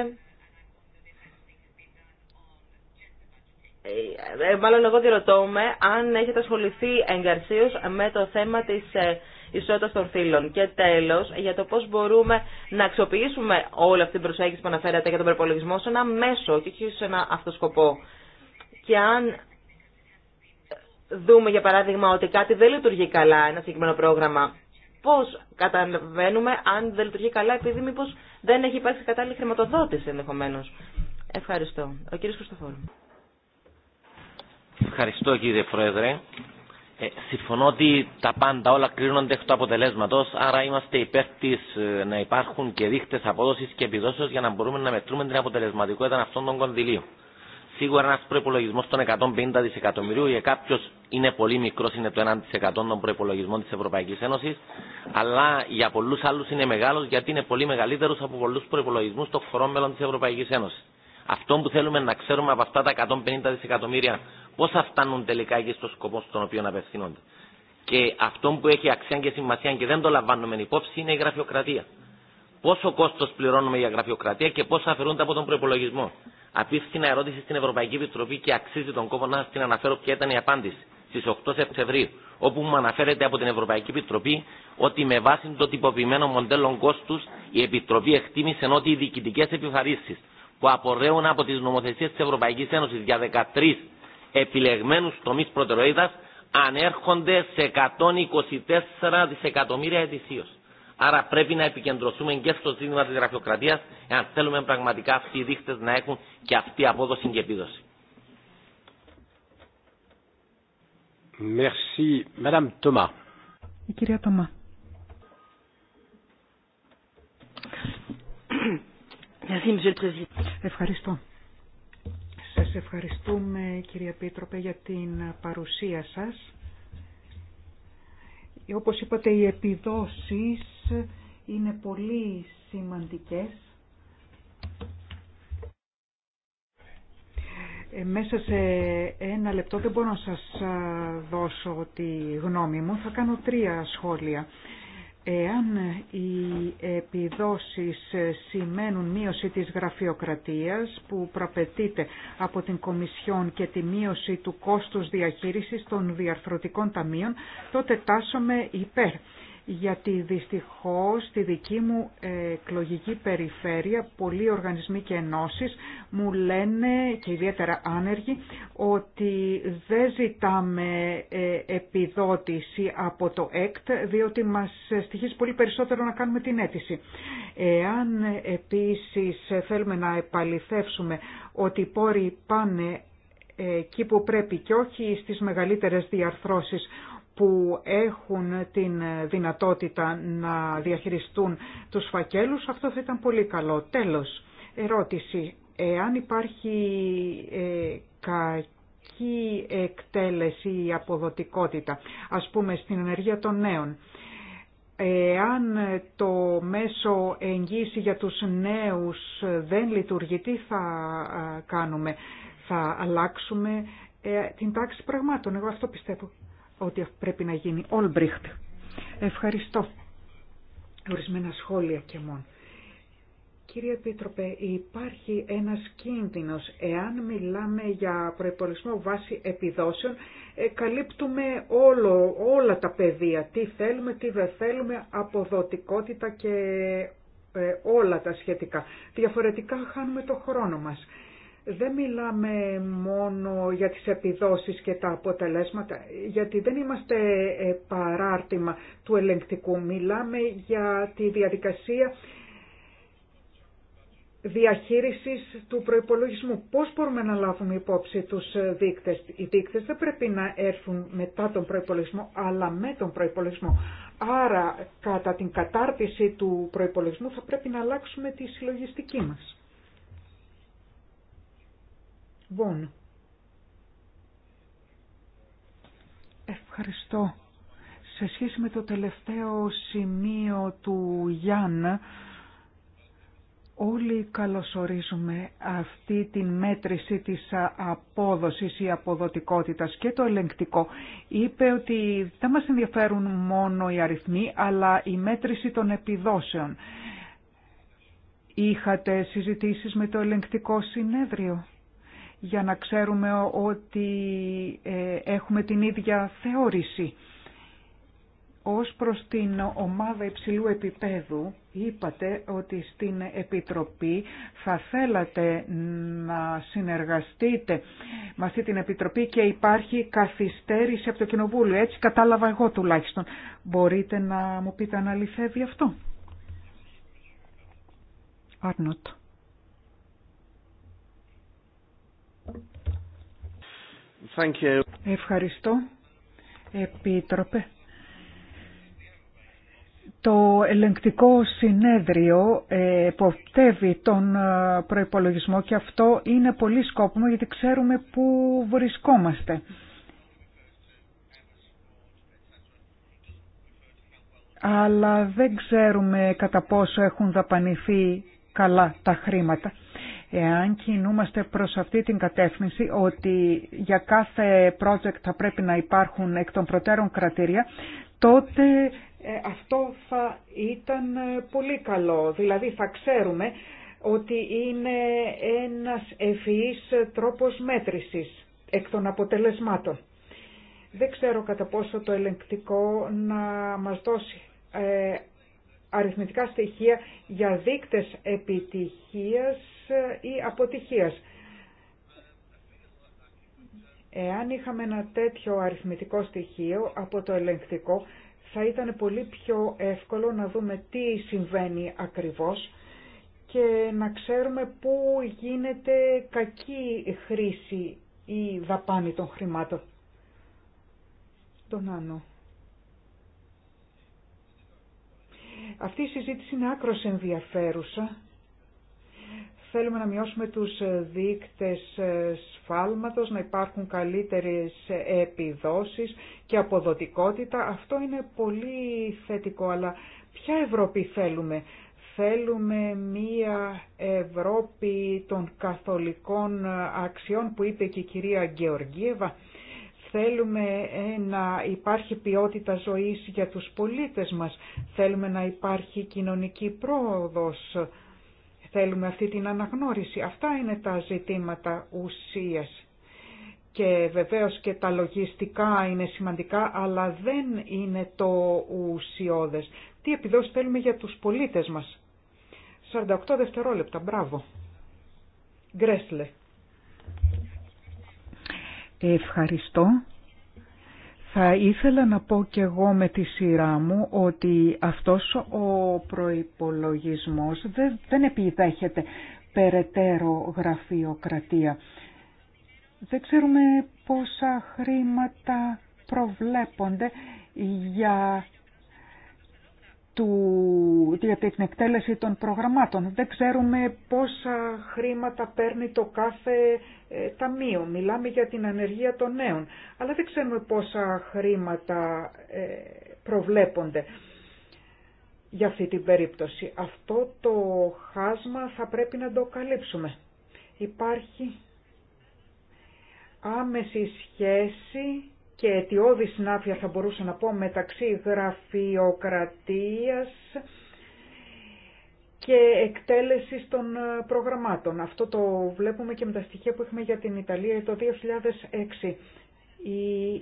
Ε, ε, μάλλον εγώ διερωτώ αν έχετε ασχοληθεί εγκαρσίως με το θέμα της ε, ισότητας των φύλων. Και τέλος, για το πώς μπορούμε να αξιοποιήσουμε όλη αυτή την προσέγγιση που αναφέρατε για τον προπολογισμό σε ένα μέσο και όχι σε ένα αυτοσκοπό. Και αν δούμε για παράδειγμα ότι κάτι δεν λειτουργεί καλά, ένα συγκεκριμένο πρόγραμμα, πώ καταλαβαίνουμε αν δεν λειτουργεί καλά επειδή μήπω δεν έχει υπάρξει κατάλληλη χρηματοδότηση ενδεχομένω. Ευχαριστώ. Ο κύριος Χρυστοφόρου. Ευχαριστώ κύριε Πρόεδρε. Ε, συμφωνώ ότι τα πάντα όλα κρίνονται εκ του αποτελέσματο, άρα είμαστε υπέρ τη ε, να υπάρχουν και δείχτε απόδοση και επιδόσεω για να μπορούμε να μετρούμε την αποτελεσματικότητα αυτών των κονδυλίων. Σίγουρα ένα προπολογισμό των 150 δισεκατομμυρίων για κάποιο είναι πολύ μικρό, είναι το 1% των προπολογισμών τη Ευρωπαϊκή Ένωση, αλλά για πολλού άλλου είναι μεγάλο γιατί είναι πολύ μεγαλύτερο από πολλού προπολογισμού των χωρών μέλων τη Ευρωπαϊκή Ένωση αυτό που θέλουμε να ξέρουμε από αυτά τα 150 δισεκατομμύρια θα φτάνουν τελικά εκεί στο σκοπό στον οποίο απευθύνονται. Και αυτό που έχει αξία και σημασία και δεν το λαμβάνουμε υπόψη είναι η γραφειοκρατία. Πόσο κόστο πληρώνουμε για γραφειοκρατία και πόσα αφαιρούνται από τον προπολογισμό. Απίφθηνα ερώτηση στην Ευρωπαϊκή Επιτροπή και αξίζει τον κόπο να την αναφέρω ποια ήταν η απάντηση στι 8 Σεπτεμβρίου, όπου μου αναφέρεται από την Ευρωπαϊκή Επιτροπή ότι με βάση το τυποποιημένο μοντέλο κόστου η Επιτροπή εκτίμησε ότι οι διοικητικέ επιβαρύνσει που απορρέουν από τι νομοθεσίε τη Ευρωπαϊκή Ένωση για 13 επιλεγμένου τομεί προτεραιότητας ανέρχονται σε 124 δισεκατομμύρια ετησίω. Άρα πρέπει να επικεντρωθούμε και στο ζήτημα τη γραφειοκρατίας εάν θέλουμε πραγματικά αυτοί οι δείχτε να έχουν και αυτή η απόδοση και επίδοση. Merci. Madame Thomas. Η κυρία Ευχαριστώ. Σας ευχαριστούμε κυρία Πίτροπε για την παρουσία σας. Όπως είπατε οι επιδόσεις είναι πολύ σημαντικές. Ε, μέσα σε ένα λεπτό δεν μπορώ να σας δώσω τη γνώμη μου. Θα κάνω τρία σχόλια. Εάν οι επιδόσεις σημαίνουν μείωση της γραφειοκρατίας που προπετείται από την Κομισιόν και τη μείωση του κόστους διαχείρισης των διαρθρωτικών ταμείων, τότε τάσσομαι υπέρ γιατί δυστυχώς στη δική μου εκλογική περιφέρεια πολλοί οργανισμοί και ενώσεις μου λένε και ιδιαίτερα άνεργοι ότι δεν ζητάμε ε, επιδότηση από το ΕΚΤ διότι μας στοιχίζει πολύ περισσότερο να κάνουμε την αίτηση. Εάν επίσης θέλουμε να επαληθεύσουμε ότι οι πόροι πάνε ε, εκεί που πρέπει και όχι στις μεγαλύτερες διαρθρώσεις που έχουν την δυνατότητα να διαχειριστούν τους φακέλους, αυτό θα ήταν πολύ καλό. Τέλος, ερώτηση. Εάν υπάρχει ε, κακή εκτέλεση ή αποδοτικότητα, ας πούμε στην ενεργεία των νέων, εάν το μέσο εγγύηση για τους νέους δεν λειτουργεί, τι θα κάνουμε, θα αλλάξουμε ε, την τάξη πραγμάτων, εγώ αυτό πιστεύω ότι πρέπει να γίνει. Ολμπριχτ. Ευχαριστώ. Ορισμένα σχόλια και μόνο. Κύριε Επίτροπε, υπάρχει ένας κίνδυνος. Εάν μιλάμε για προϋπολογισμό βάση επιδόσεων, ε, καλύπτουμε όλο, όλα τα πεδία. Τι θέλουμε, τι δεν θέλουμε, αποδοτικότητα και ε, όλα τα σχετικά. Διαφορετικά χάνουμε το χρόνο μας δεν μιλάμε μόνο για τις επιδόσεις και τα αποτελέσματα, γιατί δεν είμαστε ε, παράρτημα του ελεγκτικού. Μιλάμε για τη διαδικασία διαχείρισης του προϋπολογισμού. Πώς μπορούμε να λάβουμε υπόψη τους ε, δείκτες. Οι δείκτες δεν πρέπει να έρθουν μετά τον προϋπολογισμό, αλλά με τον προϋπολογισμό. Άρα, κατά την κατάρτιση του προϋπολογισμού θα πρέπει να αλλάξουμε τη συλλογιστική μας. Βον. Ευχαριστώ. Σε σχέση με το τελευταίο σημείο του Γιάννα, όλοι καλωσορίζουμε αυτή την μέτρηση της απόδοσης ή αποδοτικότητας και το ελεγκτικό. Είπε ότι δεν μας ενδιαφέρουν μόνο οι αριθμοί, αλλά η μέτρηση των επιδόσεων. Είχατε συζητήσεις με το ελεγκτικό συνέδριο για να ξέρουμε ότι ε, έχουμε την ίδια θεώρηση. Ως προς την ομάδα υψηλού επίπεδου, είπατε ότι στην Επιτροπή θα θέλατε να συνεργαστείτε με αυτή την Επιτροπή και υπάρχει καθυστέρηση από το Κοινοβούλιο. Έτσι κατάλαβα εγώ τουλάχιστον. Μπορείτε να μου πείτε αν αληθεύει αυτό. Thank you. Ευχαριστώ. Επίτροπε. Το ελεγκτικό συνέδριο ε, εποπτεύει τον ε, προϋπολογισμό και αυτό είναι πολύ σκόπιμο γιατί ξέρουμε πού βρισκόμαστε. Αλλά δεν ξέρουμε κατά πόσο έχουν δαπανηθεί καλά τα χρήματα. Εάν κινούμαστε προς αυτή την κατεύθυνση ότι για κάθε project θα πρέπει να υπάρχουν εκ των προτέρων κρατήρια, τότε ε, αυτό θα ήταν ε, πολύ καλό. Δηλαδή θα ξέρουμε ότι είναι ένας ευφυής τρόπος μέτρησης εκ των αποτελεσμάτων. Δεν ξέρω κατά πόσο το ελεγκτικό να μας δώσει ε, αριθμητικά στοιχεία για δείκτες επιτυχίας ε, ή αποτυχίας. Εάν είχαμε ένα τέτοιο αριθμητικό στοιχείο από το ελεγκτικό, θα ήταν πολύ πιο εύκολο να δούμε τι συμβαίνει ακριβώς και να ξέρουμε πού γίνεται κακή χρήση ή δαπάνη των χρημάτων. Τον Άνω. Αυτή η συζήτηση τον αυτη άκρος ενδιαφέρουσα Θέλουμε να μειώσουμε τους δείκτες ε, σφάλματος, να υπάρχουν καλύτερες επιδόσεις και αποδοτικότητα. Αυτό είναι πολύ θετικό, αλλά ποια Ευρώπη θέλουμε. Θέλουμε μία Ευρώπη των καθολικών αξιών που είπε και η κυρία Γεωργίεβα. Θέλουμε να υπάρχει ποιότητα ζωής για τους πολίτες μας. Θέλουμε να υπάρχει κοινωνική πρόοδος θέλουμε αυτή την αναγνώριση. Αυτά είναι τα ζητήματα ουσίας. Και βεβαίως και τα λογιστικά είναι σημαντικά, αλλά δεν είναι το ουσιώδες. Τι επιδόσεις θέλουμε για τους πολίτες μας. 48 δευτερόλεπτα, μπράβο. Γκρέσλε. Ευχαριστώ. Θα ήθελα να πω και εγώ με τη σειρά μου ότι αυτός ο προϋπολογισμός δεν, δεν επιδέχεται περαιτέρω γραφειοκρατία. Δεν ξέρουμε πόσα χρήματα προβλέπονται για του, για την εκτέλεση των προγραμμάτων. Δεν ξέρουμε πόσα χρήματα παίρνει το κάθε ε, ταμείο. Μιλάμε για την ανεργία των νέων, αλλά δεν ξέρουμε πόσα χρήματα ε, προβλέπονται για αυτή την περίπτωση. Αυτό το χάσμα θα πρέπει να το καλύψουμε. Υπάρχει άμεση σχέση και αιτιώδη συνάφεια θα μπορούσα να πω μεταξύ γραφειοκρατίας και εκτέλεσης των ε, προγραμμάτων. Αυτό το βλέπουμε και με τα στοιχεία που έχουμε για την Ιταλία το 2006. Η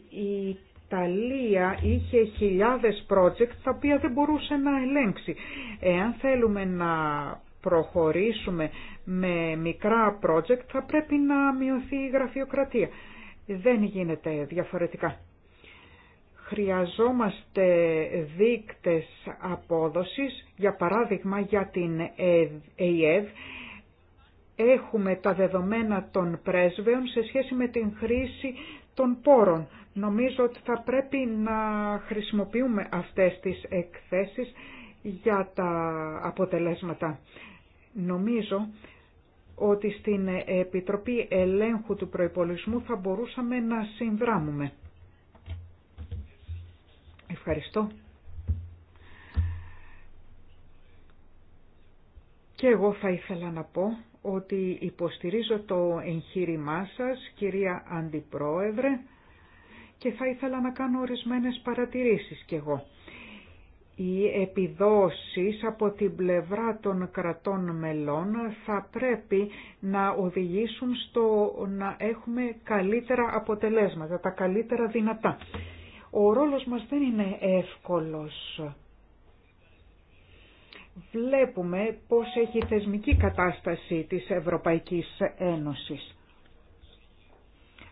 Ιταλία είχε χιλιάδες project τα οποία δεν μπορούσε να ελέγξει. Εάν θέλουμε να προχωρήσουμε με μικρά project θα πρέπει να μειωθεί η γραφειοκρατία. Δεν γίνεται διαφορετικά. Χρειαζόμαστε δείκτες απόδοσης, για παράδειγμα για την ΕΕΒ έχουμε τα δεδομένα των πρέσβεων σε σχέση με την χρήση των πόρων. Νομίζω ότι θα πρέπει να χρησιμοποιούμε αυτές τις εκθέσεις για τα αποτελέσματα. Νομίζω ότι στην Επιτροπή Ελέγχου του Προϋπολισμού θα μπορούσαμε να συνδράμουμε. Ευχαριστώ. Και εγώ θα ήθελα να πω ότι υποστηρίζω το εγχείρημά σας, κυρία Αντιπρόεδρε, και θα ήθελα να κάνω ορισμένες παρατηρήσεις κι εγώ οι επιδόσεις από την πλευρά των κρατών μελών θα πρέπει να οδηγήσουν στο να έχουμε καλύτερα αποτελέσματα, τα καλύτερα δυνατά. Ο ρόλος μας δεν είναι εύκολος. Βλέπουμε πώς έχει θεσμική κατάσταση της Ευρωπαϊκής Ένωσης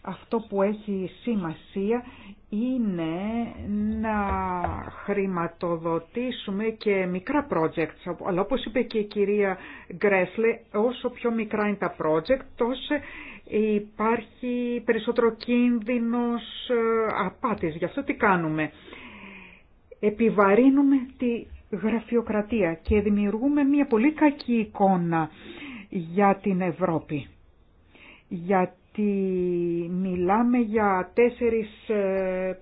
αυτό που έχει σημασία είναι να χρηματοδοτήσουμε και μικρά projects. Αλλά όπως είπε και η κυρία Γκρέσλε, όσο πιο μικρά είναι τα project, τόσο υπάρχει περισσότερο κίνδυνος ε, απάτης. Γι' αυτό τι κάνουμε. Επιβαρύνουμε τη γραφειοκρατία και δημιουργούμε μια πολύ κακή εικόνα για την Ευρώπη. Γιατί ότι μιλάμε για 4-5 ε,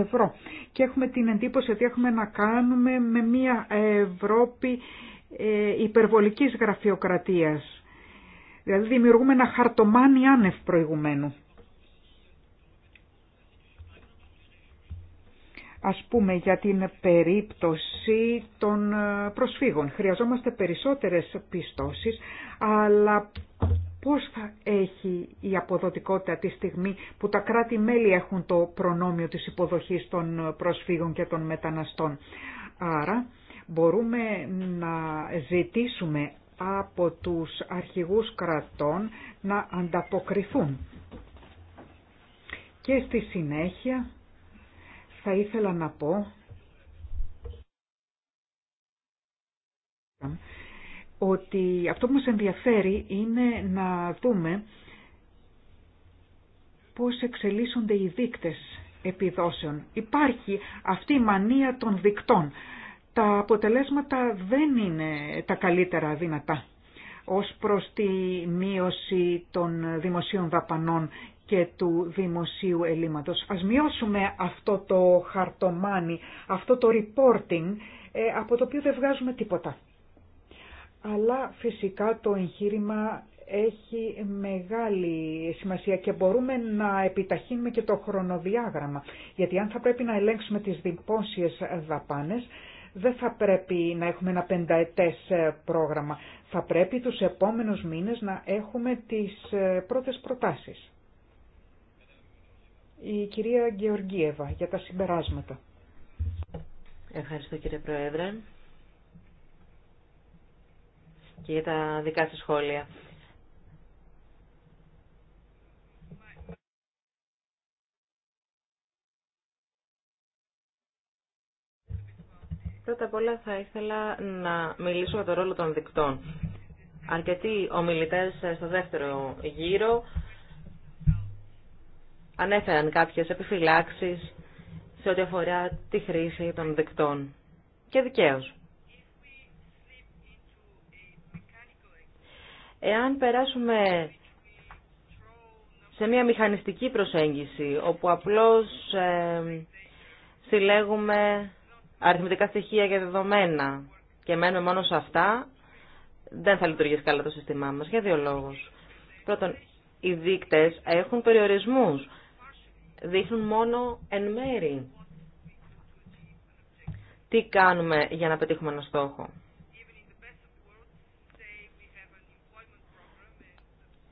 ευρώ και έχουμε την εντύπωση ότι έχουμε να κάνουμε με μια Ευρώπη ε, υπερβολικής γραφειοκρατίας. Δηλαδή δημιουργούμε ένα χαρτομάνι άνευ προηγουμένου. Ας πούμε για την περίπτωση των ε, προσφύγων. Χρειαζόμαστε περισσότερες πιστώσεις, αλλά πώς θα έχει η αποδοτικότητα τη στιγμή που τα κράτη-μέλη έχουν το προνόμιο της υποδοχής των προσφύγων και των μεταναστών. Άρα μπορούμε να ζητήσουμε από τους αρχηγούς κρατών να ανταποκριθούν. Και στη συνέχεια θα ήθελα να πω ότι αυτό που μας ενδιαφέρει είναι να δούμε πώς εξελίσσονται οι δείκτες επιδόσεων. Υπάρχει αυτή η μανία των δικτών. Τα αποτελέσματα δεν είναι τα καλύτερα δυνατά ως προς τη μείωση των δημοσίων δαπανών και του δημοσίου ελλείμματος. Ας μειώσουμε αυτό το χαρτομάνι, αυτό το reporting, ε, από το οποίο δεν βγάζουμε τίποτα αλλά φυσικά το εγχείρημα έχει μεγάλη σημασία και μπορούμε να επιταχύνουμε και το χρονοδιάγραμμα. Γιατί αν θα πρέπει να ελέγξουμε τις δημόσιες δαπάνες, δεν θα πρέπει να έχουμε ένα πενταετές ε, πρόγραμμα. Θα πρέπει τους επόμενους μήνες να έχουμε τις ε, πρώτες προτάσεις. Η κυρία Γεωργίεβα για τα συμπεράσματα. Ευχαριστώ κύριε Πρόεδρε και για τα δικά σας σχόλια. Πρώτα απ' όλα θα ήθελα να μιλήσω για το ρόλο των δικτών. Αρκετοί ομιλητές στο δεύτερο γύρο ανέφεραν κάποιες επιφυλάξεις σε ό,τι αφορά τη χρήση των δικτών. Και δικαίως. Εάν περάσουμε σε μια μηχανιστική προσέγγιση, όπου απλώς ε, συλλέγουμε αριθμητικά στοιχεία για δεδομένα και μένουμε μόνο σε αυτά, δεν θα λειτουργήσει καλά το σύστημά μας, για δύο λόγους. Πρώτον, οι δείκτες έχουν περιορισμούς. Δείχνουν μόνο εν μέρη. Τι κάνουμε για να πετύχουμε ένα στόχο.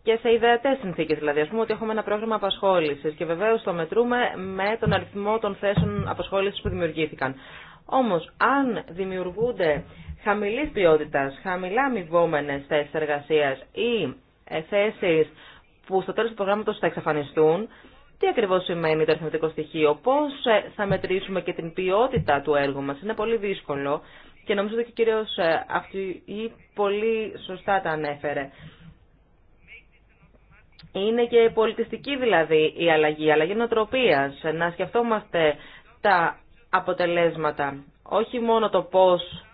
και σε ιδεατέ συνθήκε, Δηλαδή, α πούμε ότι έχουμε ένα πρόγραμμα απασχόληση και βεβαίω το μετρούμε με τον αριθμό των θέσεων απασχόληση που δημιουργήθηκαν. Όμω, αν δημιουργούνται χαμηλή ποιότητα, χαμηλά αμοιβόμενε θέσει εργασία ή ε, θέσει που στο τέλο του προγράμματο θα εξαφανιστούν, τι ακριβώ σημαίνει το αριθμητικό στοιχείο, πώ ε, θα μετρήσουμε και την ποιότητα του έργου μα, είναι πολύ δύσκολο και νομίζω ότι ο κύριο ε, αυτή πολύ σωστά τα ανέφερε. Είναι και πολιτιστική δηλαδή η αλλαγή, η αλλαγή νοοτροπίας. Να σκεφτόμαστε τα αποτελέσματα, όχι μόνο το πώς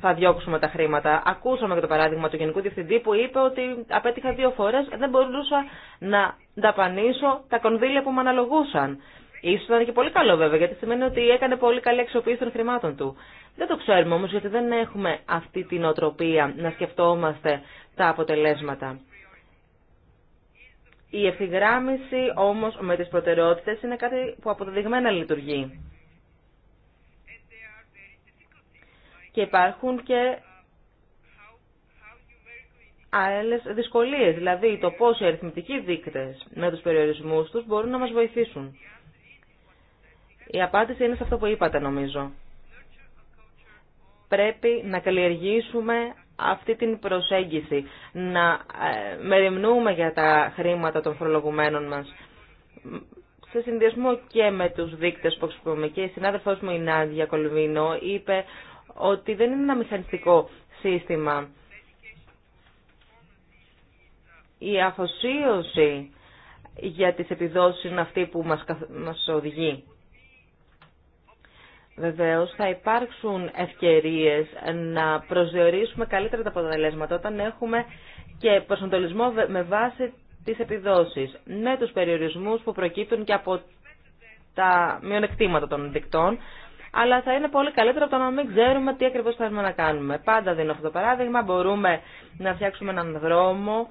θα διώξουμε τα χρήματα. Ακούσαμε και το παράδειγμα του Γενικού Διευθυντή που είπε ότι απέτυχα δύο φορές, δεν μπορούσα να ταπανίσω τα κονδύλια που μου αναλογούσαν. Ίσως ήταν και πολύ καλό βέβαια, γιατί σημαίνει ότι έκανε πολύ καλή αξιοποίηση των χρημάτων του. Δεν το ξέρουμε όμως, γιατί δεν έχουμε αυτή την οτροπία να σκεφτόμαστε τα αποτελέσματα. Η ευθυγράμμιση όμως με τις προτεραιότητες είναι κάτι που αποδεδειγμένα λειτουργεί. Και υπάρχουν και άλλες δυσκολίες, δηλαδή το πώς οι αριθμητικοί δείκτες με τους περιορισμούς τους μπορούν να μας βοηθήσουν. Η απάντηση είναι σε αυτό που είπατε νομίζω. Πρέπει να καλλιεργήσουμε αυτή την προσέγγιση, να ε, μεριμνούμε για τα χρήματα των φορολογουμένων μας. Σε συνδυασμό και με τους δείκτες που χρησιμοποιούμε και η συνάδελφός μου η Νάντια Κολβίνο είπε ότι δεν είναι ένα μηχανιστικό σύστημα. Η αφοσίωση για τις επιδόσεις είναι αυτή που μας οδηγεί. Βεβαίως θα υπάρξουν ευκαιρίες να προσδιορίσουμε καλύτερα τα αποτελέσματα όταν έχουμε και προσανατολισμό με βάση τις επιδόσεις με τους περιορισμούς που προκύπτουν και από τα μειονεκτήματα των δικτών αλλά θα είναι πολύ καλύτερο από το να μην ξέρουμε τι ακριβώς θέλουμε να κάνουμε. Πάντα δίνω αυτό το παράδειγμα, μπορούμε να φτιάξουμε έναν δρόμο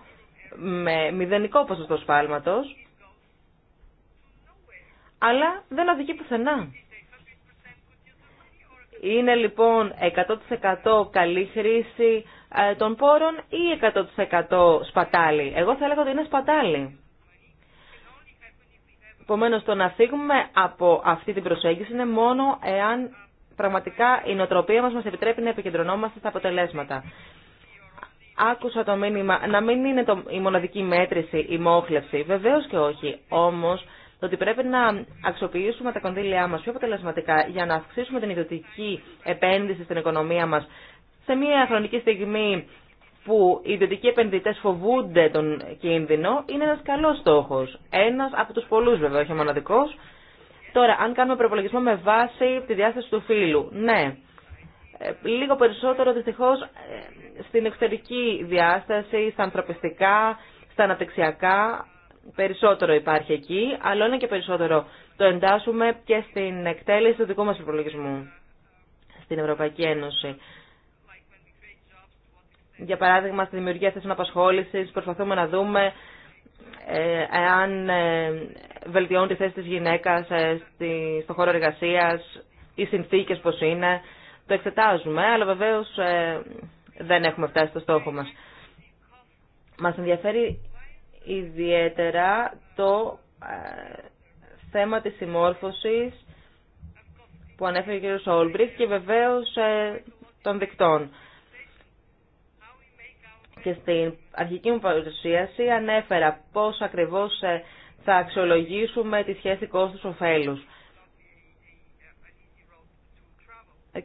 με μηδενικό ποσοστό σφάλματος αλλά δεν οδηγεί πουθενά. Είναι λοιπόν 100% καλή χρήση ε, των πόρων ή 100% σπατάλη. Εγώ θα έλεγα ότι είναι σπατάλη. Επομένω, το να φύγουμε από αυτή την προσέγγιση είναι μόνο εάν πραγματικά η νοοτροπία μας μας επιτρέπει να επικεντρωνόμαστε στα αποτελέσματα. Άκουσα το μήνυμα να μην είναι το, η μοναδική μέτρηση, η μόχλευση. Βεβαίως και όχι. Όμως, το ότι πρέπει να αξιοποιήσουμε τα κονδύλια μας πιο αποτελεσματικά για να αυξήσουμε την ιδιωτική επένδυση στην οικονομία μας σε μια χρονική στιγμή που οι ιδιωτικοί επενδυτέ φοβούνται τον κίνδυνο, είναι ένας καλός στόχος. Ένας από τους πολλούς βέβαια, όχι μοναδικό. Τώρα, αν κάνουμε προπολογισμό με βάση τη διάσταση του φύλου, ναι. Ε, λίγο περισσότερο δυστυχώ ε, στην εξωτερική διάσταση, στα ανθρωπιστικά, στα αναπτυξιακά, περισσότερο υπάρχει εκεί, αλλά είναι και περισσότερο το εντάσσουμε και στην εκτέλεση του δικού μας υπολογισμού στην Ευρωπαϊκή Ένωση. Για παράδειγμα, στη δημιουργία θέσεων απασχόλησης προσπαθούμε να δούμε ε, εάν ε, βελτιώνουν τη θέση της γυναίκας ε, στο χώρο εργασίας, οι συνθήκες πώς είναι. Το εξετάζουμε, αλλά βεβαίως δεν έχουμε φτάσει στο στόχο μας. Μας ενδιαφέρει ιδιαίτερα το ε, θέμα της συμμόρφωσης που ανέφερε ο κ. Όλμπριχ και βεβαίως ε, των δικτών. Και στην αρχική μου παρουσίαση ανέφερα πώς ακριβώς ε, θα αξιολογήσουμε τη σχεση κοστος κόστους-οφέλους.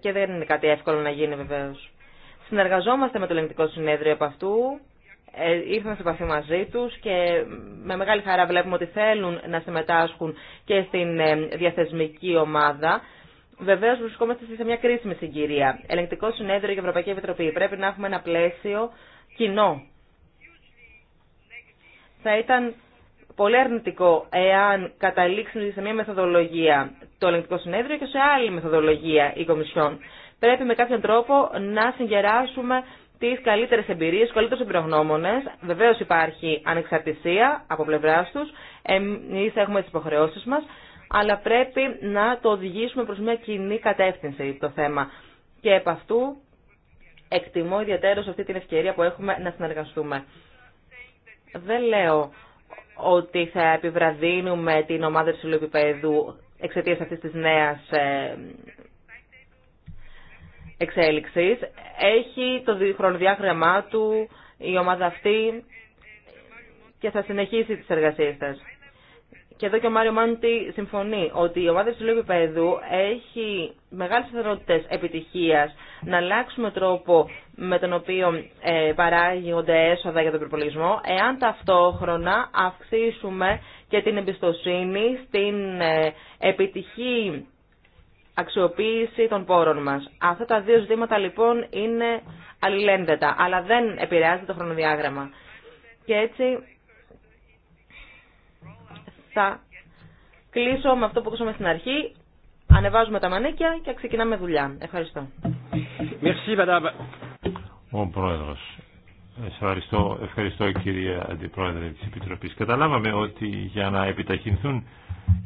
Και δεν είναι κάτι εύκολο να γίνει βεβαίως. Συνεργαζόμαστε με το Ελληνικό Συνέδριο από αυτού ε, ήρθαν σε επαφή μαζί τους και με μεγάλη χαρά βλέπουμε ότι θέλουν να συμμετάσχουν και στην ε, διαθεσμική ομάδα. Βεβαίω βρισκόμαστε σε μια κρίσιμη συγκυρία. Ελεγκτικό συνέδριο και Ευρωπαϊκή Επιτροπή. Πρέπει να έχουμε ένα πλαίσιο κοινό. Θα ήταν πολύ αρνητικό εάν καταλήξουν σε μια μεθοδολογία το ελεγκτικό συνέδριο και σε άλλη μεθοδολογία η Κομισιόν. Πρέπει με κάποιον τρόπο να συγκεράσουμε τι καλύτερε εμπειρίε, του καλύτερου εμπειρογνώμονε. Βεβαίω υπάρχει ανεξαρτησία από πλευρά του. Εμεί έχουμε τι υποχρεώσει μα. Αλλά πρέπει να το οδηγήσουμε προ μια κοινή κατεύθυνση το θέμα. Και επ' αυτού εκτιμώ ιδιαίτερω αυτή την ευκαιρία που έχουμε να συνεργαστούμε. Δεν λέω ότι θα επιβραδύνουμε την ομάδα του επίπεδου εξαιτία αυτή τη νέα ε, Εξέλιξη, Έχει το χρονοδιάγραμμά του η ομάδα αυτή και θα συνεχίσει τι εργασίε τη. Και εδώ και ο Μάριο Μάντι συμφωνεί ότι η ομάδα του επίπεδου έχει μεγάλε πιθανότητε επιτυχία να αλλάξουμε τρόπο με τον οποίο ε, παράγονται έσοδα για τον προπολογισμό, εάν ταυτόχρονα αυξήσουμε και την εμπιστοσύνη στην ε, επιτυχή αξιοποίηση των πόρων μας. Αυτά τα δύο ζητήματα λοιπόν είναι αλληλένδετα, αλλά δεν επηρεάζει το χρονοδιάγραμμα. Και έτσι θα κλείσω με αυτό που ακούσαμε στην αρχή. Ανεβάζουμε τα μανίκια και ξεκινάμε δουλειά. Ευχαριστώ. Ο Πρόεδρος. Ευχαριστώ, ευχαριστώ κυρία Αντιπρόεδρε της Επιτροπής. Καταλάβαμε ότι για να επιταχυνθούν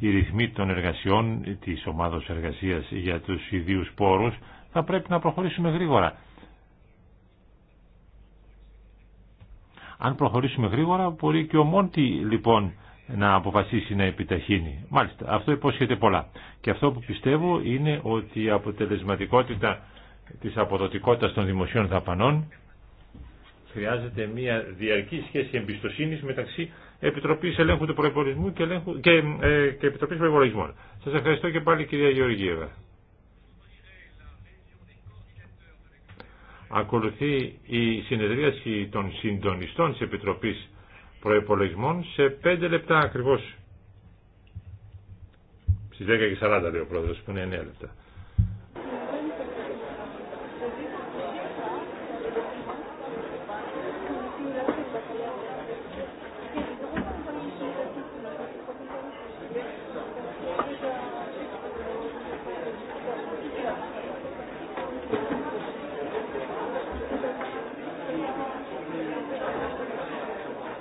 οι ρυθμοί των εργασιών της ομάδος εργασίας για τους ιδίους πόρους θα πρέπει να προχωρήσουμε γρήγορα. Αν προχωρήσουμε γρήγορα μπορεί και ο Μόντι λοιπόν να αποφασίσει να επιταχύνει. Μάλιστα, αυτό υπόσχεται πολλά. Και αυτό που πιστεύω είναι ότι η αποτελεσματικότητα της αποδοτικότητας των δημοσίων δαπανών χρειάζεται μια διαρκή σχέση εμπιστοσύνης μεταξύ Επιτροπή Ελέγχου του Προϋπολογισμού και, ελέγχου, και, ε, και Επιτροπής Προϋπολογισμών. Σας ευχαριστώ και πάλι κυρία Γεωργίευα. Ακολουθεί η συνεδρίαση των συντονιστών τη Επιτροπή προπολογισμών σε 5 λεπτά 10 και 40 λέει ο πρόεδρο, που είναι 9 λεπτά.